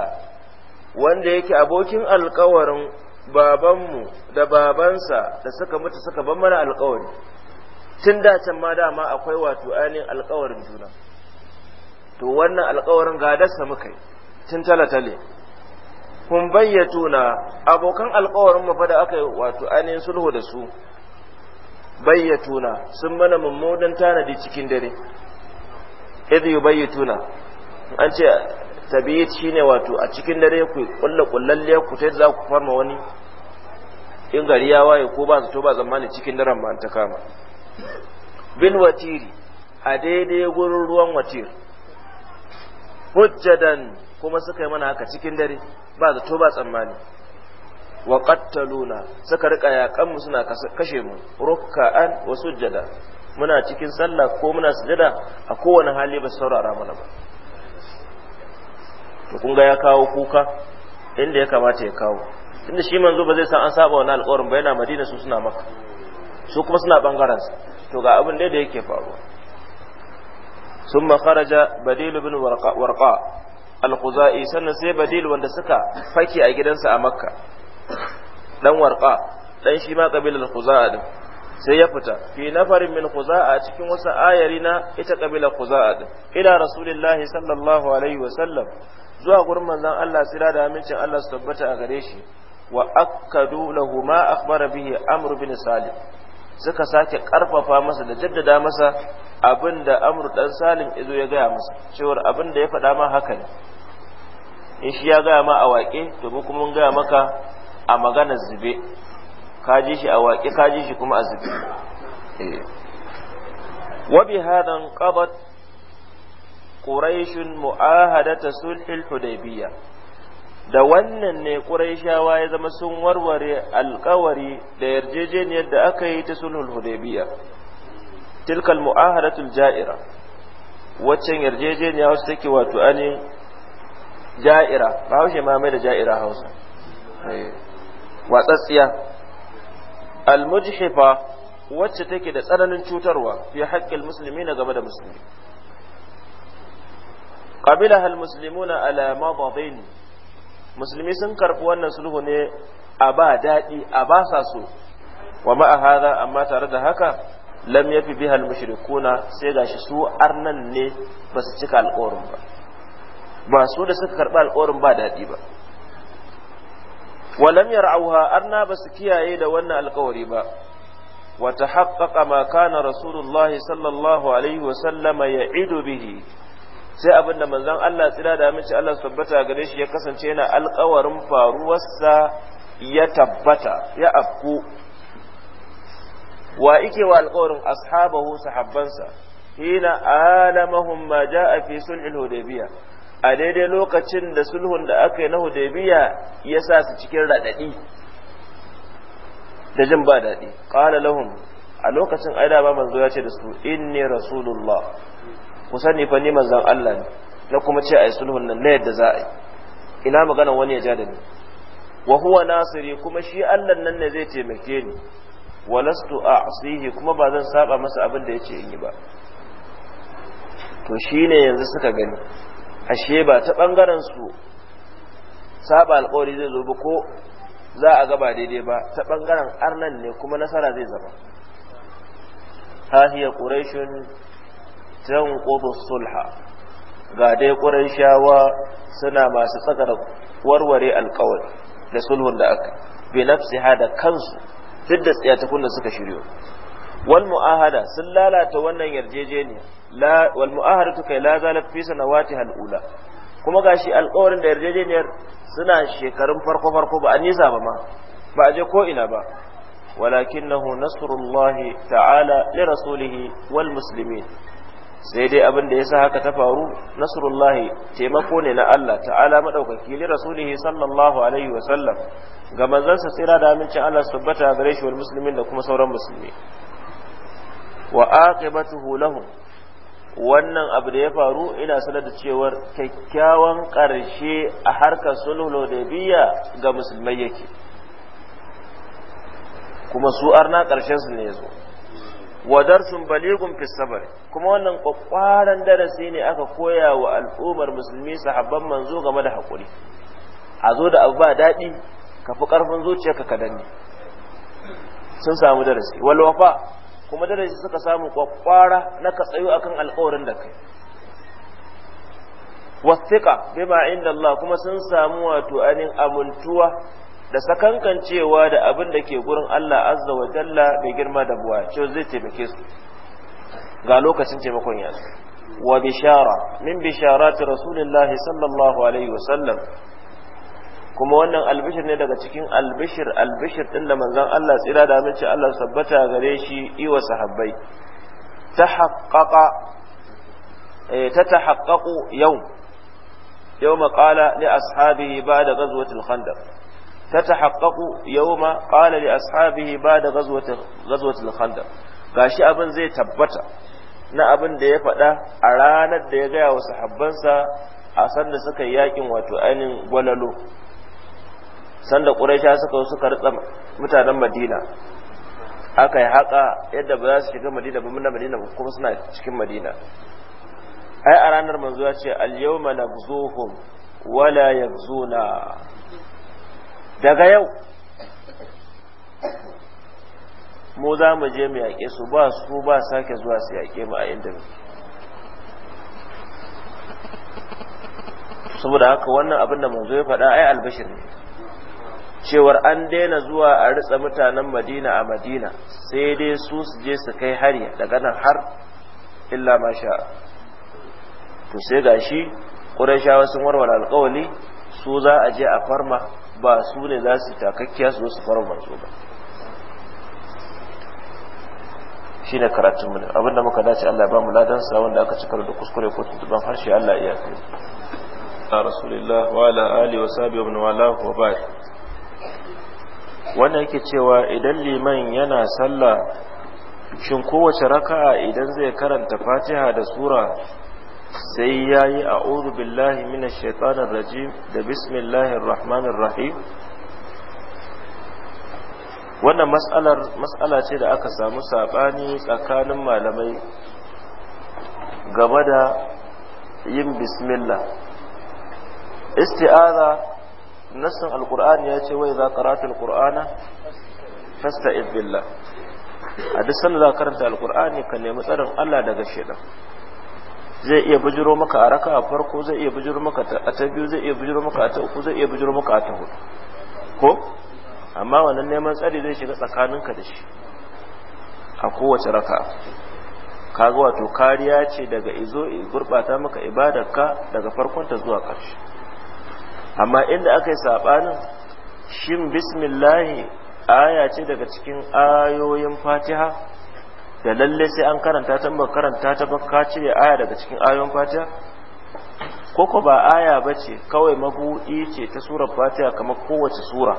wanda yake abokin alkawarin babanmu da babansa da suka mutu suka ban mana alkawari tun da can ma dama akwai wato ainihin alkawarin juna to wannan alkawarin gadarsa muka yi tun talatale kun bayyato na abokan alkawarin mafa da aka yi wato ainihin sulhu da su bayyato na sun mana mummunan tanadi cikin dare idh na an ce tabiyyit shine wato a cikin dare ku kullu kullalle ku ta za ku farma wani in gari ya waye ko ba su to ba zamani cikin daren ma an ta kama bil watiri a daidai gurin ruwan watir hujjadan kuma suka yi mana haka cikin dare ba zato ba tsammani wa qattaluna suka rika yakan mu suna kashe mu rukka'an wa sujjada muna cikin sallah ko muna sujjada a kowane hali ba saurara mana ba to kun ga ya kawo kuka inda ya kamata ya kawo inda shi manzo ba zai san an saba wannan alƙawarin ba yana Madina su suna maka su kuma suna bangaren to ga abin da yake faruwa ثم خرج بديل بن ورقاء ورقاء الخزائي wanda سي بديل وند سكا فكي Makka. أمكة دن ورقاء دن شما قبيل الخزاء دن sai ya fita fi farin min a cikin wasu ayari na ita kabilar kuza'a din ila rasulillahi sallallahu alaihi wa sallam zuwa gurin manzan Allah sira da amincin Allah su tabbata a gare shi wa akkadu lahu ma akhbara bihi amr bin salim suka sake karfafa masa da jaddada masa abin da amru dan salim izo ya gaya masa cewar abin da ya faɗa ma haka ne in shi ya gaya ma a waƙe to mu kuma mun gaya maka a maganar zube ka ji shi a waƙe ka ji shi kuma a zube eh. wa bi hadan qabat quraish mu'ahadata sulhul hudaybiyah da wannan ne ƙuraishawa ya zama sun warware alkawari da yarjejeniyar da aka yi ta sulhul hudaybiya tilkal mu'ahadatul ja'ira waccan yarjejeniya wasu take wato anin ja'ira ba haushe ma mai da ja'ira hausa eh, watsatsiya almujhifa wacce take da tsananin cutarwa fi haƙƙil musulmi na game da musulmi qabilaha na ala madadin musulmi sun karɓi wannan sulhu ne a ba daɗi a ba sa so wa ma'a hada amma tare da haka lam yafi bihal mushrikuna sai gashi su arnan ne ba su cika alƙawarin ba ba su da suka karɓi alƙawarin ba daɗi ba wa lam yar'auha arna ba su kiyaye da wannan alƙawari ba wa tahaqqaqa ma kana rasulullahi sallallahu alaihi wa sallama ya'idu bihi sai abin da manzon Allah tsira da mace Allah tabbata gare shi ya kasance yana alƙawarin faruwarsa ya tabbata ya afku wa ike wa alƙawarin ashabahu sahabbansa hina alamahum ma ja'a fi sulhul hudaybiyah a daidai lokacin da sulhun da aka yi na hudaybiyah ya sa su cikin radadi da jin ba daɗi qala lahum a lokacin aida ba manzo ya ce da su inni rasulullah ku sani fa ni zan Allah ne na kuma ce ai sulhun nan na yadda za a yi ina magana wani ya ja da ni wa huwa nasiri kuma shi Allah nan ne zai taimake ni walastu a'sihi kuma ba zan saba masa abin da yace in yi ba to shine yanzu suka gani ashe ba ta bangaren su saba alƙawari zai zo ba ko za a gaba daidai ba ta bangaren arnan ne kuma nasara zai zama ha hiya quraishun tanqudu sulha ga dai qurayshawa suna masu da warware alƙawari da sulhun da aka bi nafsi da kansu duk da tsiyatakun da suka shiryo wal mu'ahada sun lalata wannan yarjejeniya la wal ta kai la zalat fi sanawati hal ula kuma gashi alƙawarin da yarjejeniyar suna shekarun farko farko ba a nisa ba ma ba a je ko ina ba walakinahu nasrullahi ta'ala li rasulihi wal muslimin sai dai abin da ya sa haka ta faru nasrullahi taimako ne na Allah ta'ala madaukaki li rasulihi sallallahu alaihi wa sallam ga manzansa tsira da amincin Allah tabbata gare shi wal muslimin da kuma sauran musulmi wa aqibatuhu lahum wannan abu da ya faru ina sanar da cewar kyakkyawan karshe a harkar sulhu da ga musulmai yake kuma su arna karshensu su ne yazo wa darsun baligun fi kuma wannan kwakwaran darasi ne aka koya wa al'ummar musulmi sahabban manzo game da hakuri. a zo da abu ba daɗi ka fi ƙarfin zuciya ka kadan ne. sun samu darasi wal wafa kuma darasi suka samu kwakwara na ka tsayo akan alƙawarin da kai wathiqa bima inda Allah kuma sun samu wato anin amuntuwa da sakankancewa da abin da ke gurin Allah azza wa jalla mai girma da buwa cewa zai taimake su ga lokacin taimakon ya wa bishara min bisharati rasulillah sallallahu alaihi wa sallam kuma wannan albishir ne daga cikin albishir albishir din da manzon Allah tsira da mace Allah sabbata gare shi iwa sahabbai tahaqqaqa eh, ta tahaqqaqu yau yawma qala li ashabihi ba'da ghazwatil khandaq ta ta haƙaƙu yauma li ashabihi ba'da ghazwati ghazwati al-khandaq gashi abin zai tabbata na abin da ya faɗa a ranar da ya gaya wa sahabbansa a sanda suka yakin wato ainihin gwalalo sanda ƙuraisha suka suka ritsa mutanen madina aka yi haka yadda ba za su shiga madina ba muna madina kuma suna cikin madina ai a ranar manzo ya ce al-yawma nabzuhum wala yabzuna daga yau mu za mu je mu yaƙe su ba su ba sake zuwa su yaƙe mu a inda muke saboda haka wannan abin da manzo ya faɗa ai albashir ne cewar an daina zuwa a ritsa mutanen madina a madina sai dai su su je su kai hari daga nan har illa masha to sai gashi ƙurashawa sun warware alƙawali su za a je a farma ba su ne za su takakkiya su su fara manzo ba shi ne karatun mu abinda muka dace Allah ba mu ladansa wanda aka cikar da kuskure ko tuntuban harshe Allah iya kai a rasulillah wa ala ali wa sabi ibn wala wa ba wanda yake cewa idan liman yana sallah shin kowace raka'a idan zai karanta fatiha da sura sai ya yi a billahi mina shaitanin rajim da bismillahir rahmanir rahim wannan matsala ce da aka samu saɓani tsakanin malamai game da yin bismillah isti'aza nassin alkur'ani ya ce wai za karatun ƙur'ana, fasta billah a duk sanda za karanta alkur'ani ka nemi tsarin Allah daga shaidan zai iya bujiro maka a raka a farko zai iya bujiro maka a ta biyu zai iya bujiro maka a ta uku zai iya bujiro maka a ta hudu ko amma wannan neman tsari zai shiga tsakaninka da shi a kowace raka kaga wato kariya ce daga izo gurbata maka ibadarka daga farkon ta zuwa ƙarshe amma inda aka yi saɓanin shin bismillahi aya ce daga cikin ayoyin fatiha da lalle sai an karanta ta ba karanta ta ba ka cire aya daga cikin ayoyin fatiha koko ba aya bace kawai mabuɗi ce ta surar fatiha kamar kowace sura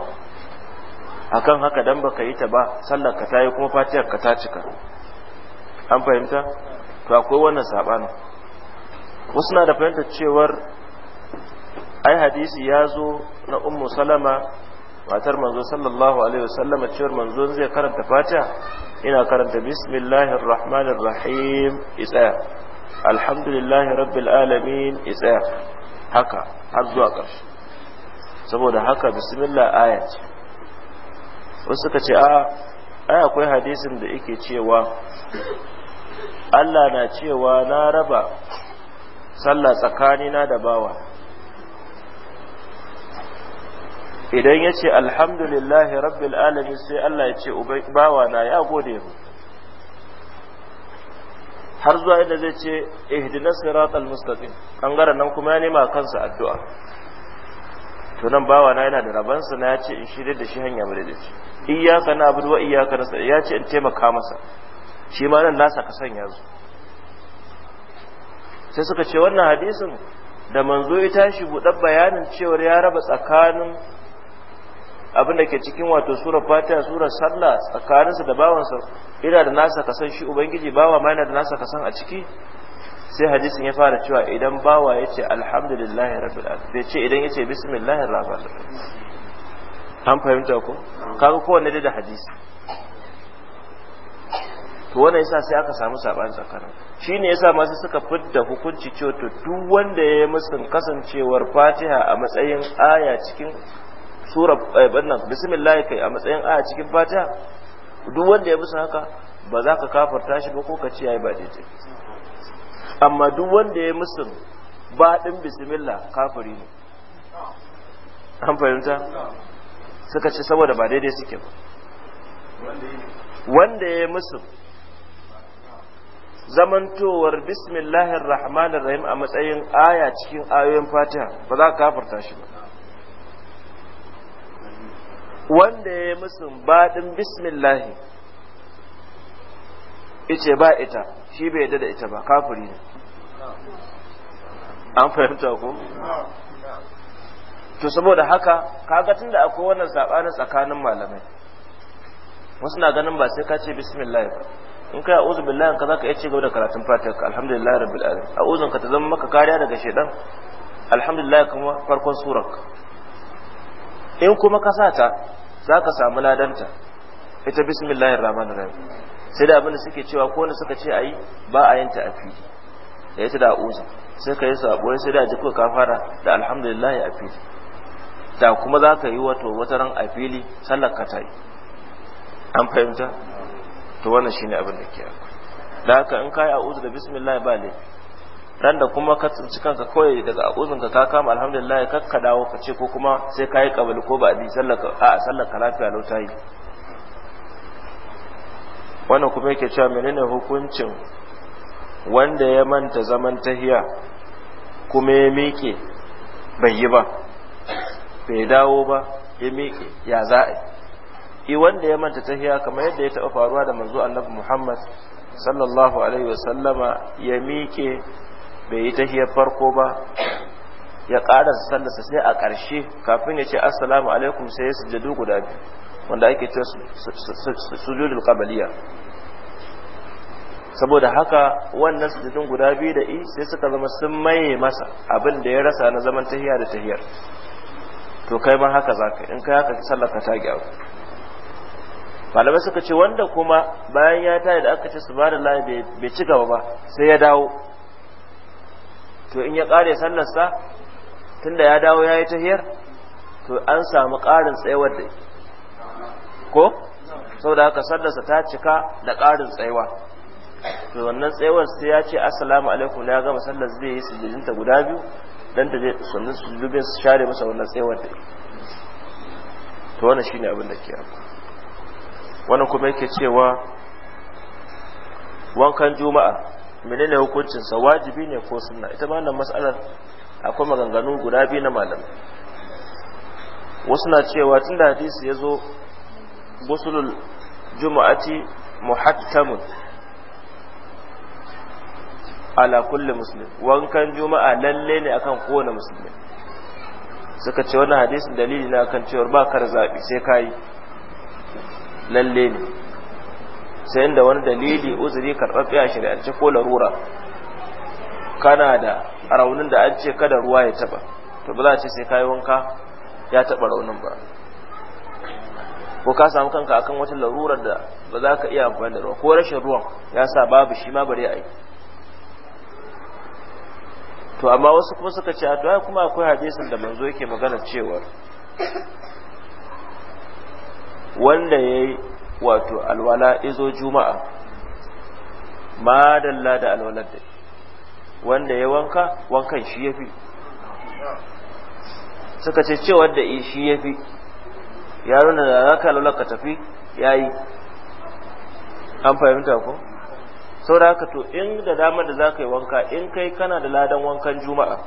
akan haka dan baka yi ta ba sallar ka tayi kuma fatihar ka ta cika an fahimta to akwai wannan sabanin wasu na da fahimtar cewar ai hadisi ya zo na ummu salama matar manzo sallallahu alaihi wasallam cewar manzo zai karanta fatiha ina karanta bismillahir rahmanir rahim isa alhamdulillahi rabbil alamin isa haka har zuwa ƙarshe saboda haka bismillah aya ce wasu suka ce a ai akwai hadisin da yake cewa Allah na cewa na raba sallah tsakanina da bawa idan ya ce alhamdulillahi rabbil alamin sai Allah ya ce bawa na ya gode mu har zuwa inda zai ce ihdina siratal mustaqim gara nan kuma ya nema kansa addu'a to nan bawa na yana da rabansa na ya ce in shirye da shi hanya da shi iyyaka na abudu wa iyyaka nasta'in ya ce in taimaka masa shi ma nan nasa ka sanya su sai suka ce wannan hadisin da manzo ya tashi buɗar bayanin cewar ya raba tsakanin abin da ke cikin wato sura fatiha sura sallah tsakaninsa da bawansa ina da nasa ka san shi ubangiji bawa ma yana da nasa ka san a ciki sai hadisin ya fara cewa idan bawa ya ce alhamdulillahi rabbil alamin bai ce idan ya ce bismillahir rahmanir rahim an fahimta ko kaga kowanne da hadisi to wannan yasa sai aka samu saban tsakanin shine yasa ma sai suka fidda hukunci cewa to duk wanda ya yi musun kasancewar Fatiha a matsayin aya cikin sura eh, bannan bismillah kai a matsayin aya cikin fatiha duk wanda ya musu haka ba za ka kafarta shi ba ko ka ce yayi ba daidai amma duk wanda ya musu baɗin bismillah kafiri ne an fahimta suka ce saboda ba daidai suke ba wanda ya musu zamantowar bismillahir rahmanir rahim a matsayin aya cikin ayoyin fatiha ba za ka kafarta shi ba wanda ya yi musu baɗin bismillahi ice ba ita shi bai yadda da ita ba kafiri ne an fahimta ko to saboda haka kaga tunda akwai wannan sabanin tsakanin malamai wasu na ganin ba sai ka ce bismillah ba in kai a'udhu billahi ka zaka iya ci gaba da karatun fatiha alhamdulillahi rabbil alamin a'udhu ka ta zama maka kariya daga shedan alhamdulillahi kuma farkon surar in kuma ka sa ta za ka samu ladanta ita bismillahir rahmanir rahim sai da abinda suke cewa ko suka ce ayi ba a yanta a fili da ita da uza sai ka yi sabo sai da ji ko ka fara da alhamdulillah a fili da kuma za ka yi wato wata ran a fili sallar ka ta yi an fahimta to wannan shine abin da ke akwai da haka in ka yi uza da bismillah ba laifi ran da kuma ka tsinci kanka kawai daga abuzin ka kama alhamdulillah ka ka dawo ka ce ko kuma sai ka yi kabali ko ba bi sallaka a sallaka lafiya lau ta yi wannan kuma yake cewa menene hukuncin wanda ya manta zaman tahiya kuma ya miƙe bai yi ba bai dawo ba ya miƙe ya za a yi eh, wanda ya manta tahiya kamar yadda ya taɓa faruwa da manzo annabi muhammad sallallahu alaihi wasallama ya miƙe bai yi tahiyar farko ba ya ƙara sallasa sai a ƙarshe kafin ya ce assalamu alaikum sai ya sujjadu guda biyu wanda ake su sujudul qabaliya saboda haka wannan sujudin guda biyu da i sai suka zama sun maye masa abin da ya rasa na zaman tahiya da tahiyar to kai ma haka zaka in kai haka sallar ka tagi abu malamai suka ce wanda kuma bayan ya tayi da aka ce subhanallahi bai ci gaba ba sai ya dawo to in ya ƙare sallarsa tunda ya dawo ya yi tahiyar to an samu ƙarin tsayawar da ko sau da haka sallarsa ta cika da ƙarin tsayawa to wannan tsayawar sai ya ce assalamu alaikum ya gama sallar zai yi sujudinta guda biyu dan ta je sannan sujudin su share masa wannan tsayawar da to wannan shine abin da ke wannan kuma yake cewa wankan juma'a menene hukuncinsa wajibi ne ko sunna ita ma nan mas'alar akwai maganganu guda biyu na malamai wasu na cewa tun da hadisi ya zo gusulul juma'ati muhattamun ala kulli muslim wankan juma'a lalle ne akan kowane musulmi suka ce wannan hadisin dalili na kan cewar ba kar zaɓi sai kayi lalle ne sayan da wani dalili uzuri karɓaɓɓe a shari'arci ko larura kana da raunin da an ce kada ruwa ya taɓa to ba za a ce sai kayi wanka ya taɓa raunin ba ko ka samu kanka akan wata larurar da ba za ka iya amfani da ruwa ko rashin ruwan ya sa babu shi ma bari a yi to amma wasu kuma suka ce a to kuma akwai hadisin da manzo yake magana cewa wanda ya yi wato alwala izo juma'a ma dalla da alwalar da wanda ya wanka wankan shi ya fi suka ce cewar da shi ya fi yaro da za ka alwalar ka tafi ya yi an fahimta ko saboda haka to in da damar da za ka yi wanka in kai kana da ladan wankan juma'a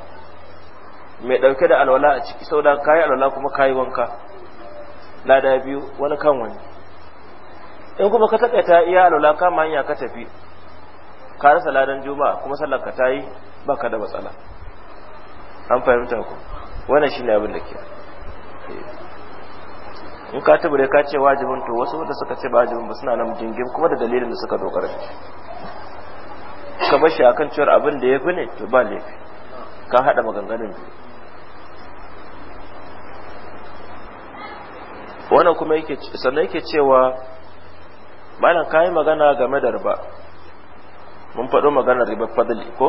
mai ɗauke da alwala a ciki saboda ka yi alwala kuma ka yi wanka lada biyu wani kan wani in kuma ka takaita iya alwala kama hanya ka tafi ka rasa ladan juma'a kuma sallar ka tayi baka da matsala an fahimta ku wannan shine abin da ke eh. in ka tabbare ka ce wajibin to wasu wanda suka ce ba wajibin ba suna nan jingim kuma da dalilin da suka dogara da shi ka bar shi akan cewar abin da ya fi ne to ba laifi ka hada maganganun biyu wannan kuma yake sannan yake cewa malam kayi magana game da riba mun faɗo magana riba fadli ko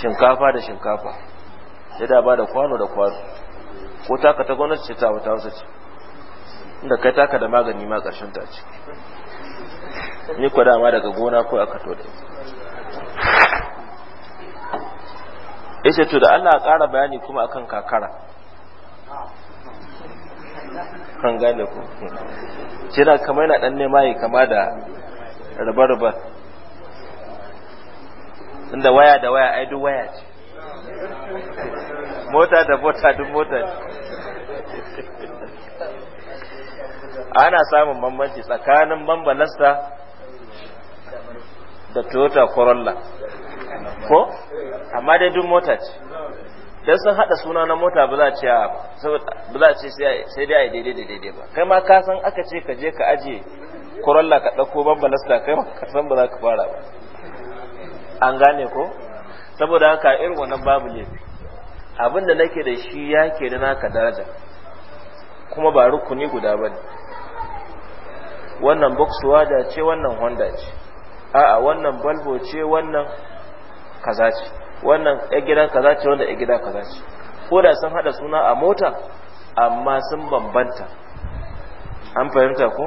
shinkafa da shinkafa sai da ba da kwano da kwano ko taka ta gwamnati ce ta wata wasa ce inda kai taka da magani ma ƙarshen ta ce ni kwa dama daga gona ko aka to da ita to da Allah ya ƙara bayani kuma akan kakara kan gane ku jira kamar kama yana dan nema yi kama da rabar-rabar inda waya da waya ai duk waya ce mota da mota duk mota ce ana samun bambanci tsakanin bambalasta da toyota corolla ko amma dai duk mota ce dan sun hada suna na mota ba za a ce ba za a ce sai dai a daidai da daidai ba kai ma ka san aka ce ka je ka aje Corolla ka dauko ban balasta kai ma ka san ba za ka fara ba an gane ko saboda haka irin wannan babu laifi abin da nake da shi ya ke da naka daraja kuma ba rukuni guda ne wannan boxuwa da ce wannan honda ce a'a wannan balbo ce wannan kaza ce wannan yan gida kaza ce wanda yan gida kaza ce ko da sun hada suna a mota amma sun bambanta an fahimta ko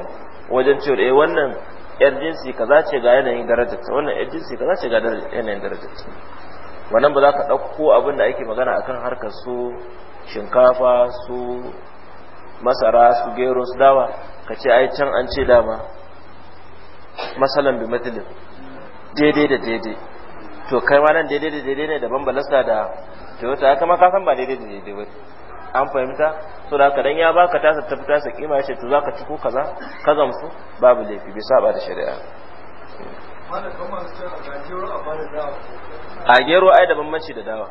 wajen cewa eh wannan yan jinsi kaza ce ga yanayin darajarta wannan yan jinsi kaza ce ga yanayin darajarta wannan ba za ka ɗauko abin da ake magana akan harkar su shinkafa su masara su gero su dawa ka ce ai can an ce dama masalan bi daidai da daidai to kai ma nan daidai da daidai ne daban balasta da toyota haka ma ka san ba daidai da daidai ba an fahimta so da dan ya baka tasa ta fita sa kima shi to zaka ci ko kaza ka gamsu babu laifi bai saba da shari'a a gero ai da bambanci da dawa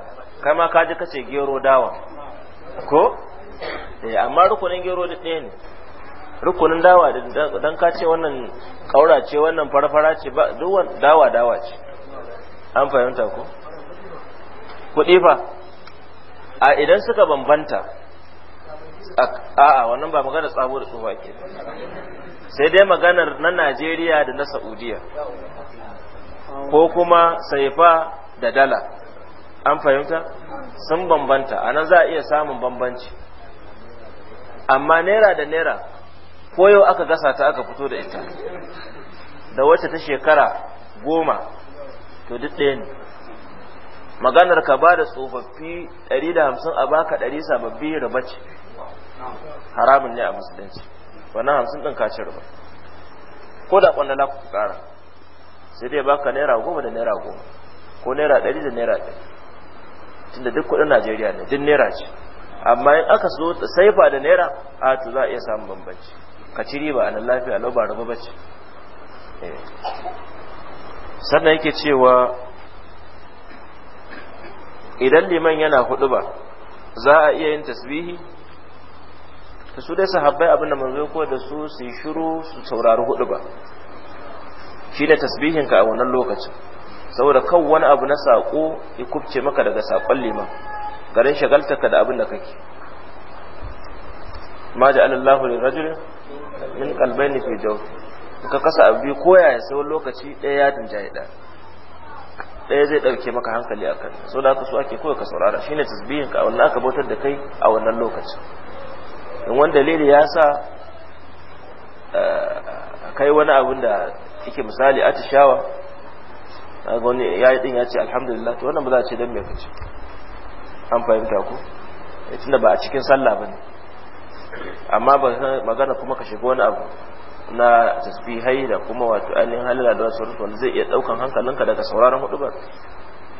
kai ma ka ji kace gero dawa ko eh amma rukunin gero da ɗaya ne rukunin dawa da dan ka ce wannan kaura ce wannan farfara ce ba duk dawa dawa ce an fahimta ko kuɗi fa a idan suka bambanta a wannan ba magana tsabo da tsufa ke sai dai maganar na Najeriya da na Saudiya ko kuma saifa da dala an fahimta sun bambanta a nan za a iya samun bambanci amma naira da naira ko yau aka gasa ta aka fito da ita da wacce ta shekara goma to duk ɗaya ne maganar ka ba da tsofaffi ɗari da hamsin a baka ɗari sababbi raba ce haramun ne a musulunci wannan hamsin ɗin ka ci riba ko da kwandala ku ƙara sai dai baka naira goma da naira goma ko naira ɗari da naira ɗari tunda duk kuɗin najeriya ne duk naira ce amma in aka so ta saifa da naira a to za a iya samun bambanci ka ci riba a nan lafiya lau ba raba ba ce eh. sannan yake cewa idan liman yana hudu ba za a iya yin tasbihi ta su dai sahabbai abin da manzo ko da su su shiru su saurari hudu ba shi ne tasbihin ka a wannan lokacin saboda kan wani abu na sako ya kubce maka daga sakon liman garin shagaltaka da abin da kake ma ja'alallahu lirajulin min qalbayni fi jawfi ka kasa abu biyu ya yaya sai wani lokaci ɗaya ya rinjaye ɗaya ɗaya zai ɗauke maka hankali a kan so da haka so ake koya ka saurara shi ne tasbihin ka wannan aka bautar da kai a wannan lokaci in wani dalili ya sa eh, kai wani abin da yake misali atishawa ga wani ya yi ɗin ya ce alhamdulillah to wannan ba za a ce don me kace an fahimta ku eh, tunda ba a cikin sallah ba ne amma magana kuma ka shiga wani abu na tasbihai da kuma wato ainihin halala da wasu rufin zai iya daukan hankalinka daga sauraron hudu ba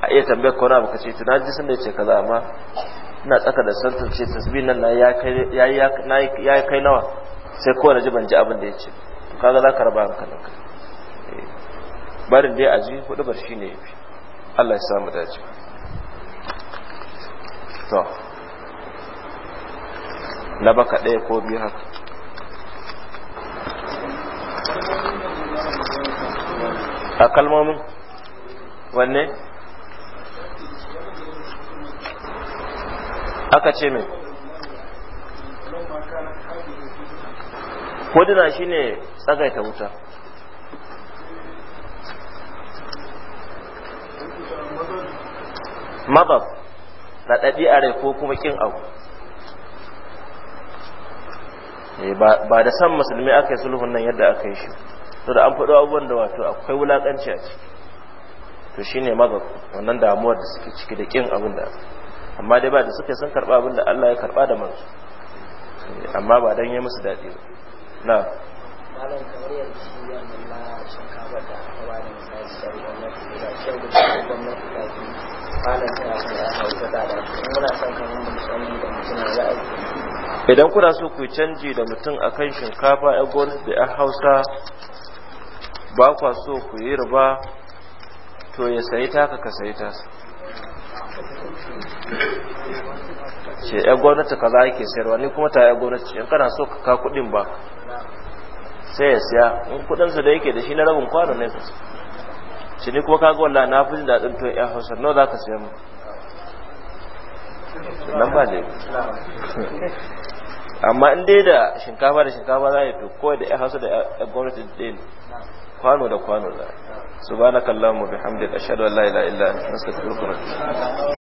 a iya tambayar kona baka ce tuna ji sun da ce kaza amma ina tsaka da santan ce tasbihin nan ya kai nawa sai kowane ji ban ji abin da ya ce to kaga za ka raba hankalinka eh. barin dai a ji hudu bar shine fi. Allah ya samu dace to na baka ɗaya ko biyu haka a kalmomin wanne aka ce mai huduna shine tsagaita wuta mabab na ɗabi'a a ko kuma kin abu eh, ba da san musulmi aka yi sulhun nan yadda aka yi shi to da an faɗo abubuwan da wato akwai wulakanci a ciki to shine maza wannan damuwar da suke ciki da kin abin da amma dai ba da suke sun karba abin da Allah ya karba da manzo amma ba dan yi musu dadi ba na idan kuna so ku canji da mutum akan shinkafa ya gwamnati da ya hausa ba kwa so ku yi riba to ya sayi taka ka sayi tasa ce ya gwamnati kaza ke sayarwa ni kuma ta ya gwamnati in kana so ka kudin ba sai ya siya in kudinsa da yake da shi na rabin kwanon ne ce ni kuma kaga wallahi na fi daɗin to ya hausa nawa za ka siya mu nan ba ne amma in dai da shinkafa da shinkafa za yi to kawai da ya hausa da ya gwamnati ɗaya ne kwano da kwano da subhanakallahumma bihamdika ashhadu an la ilaha illa anta astaghfiruka wa atubu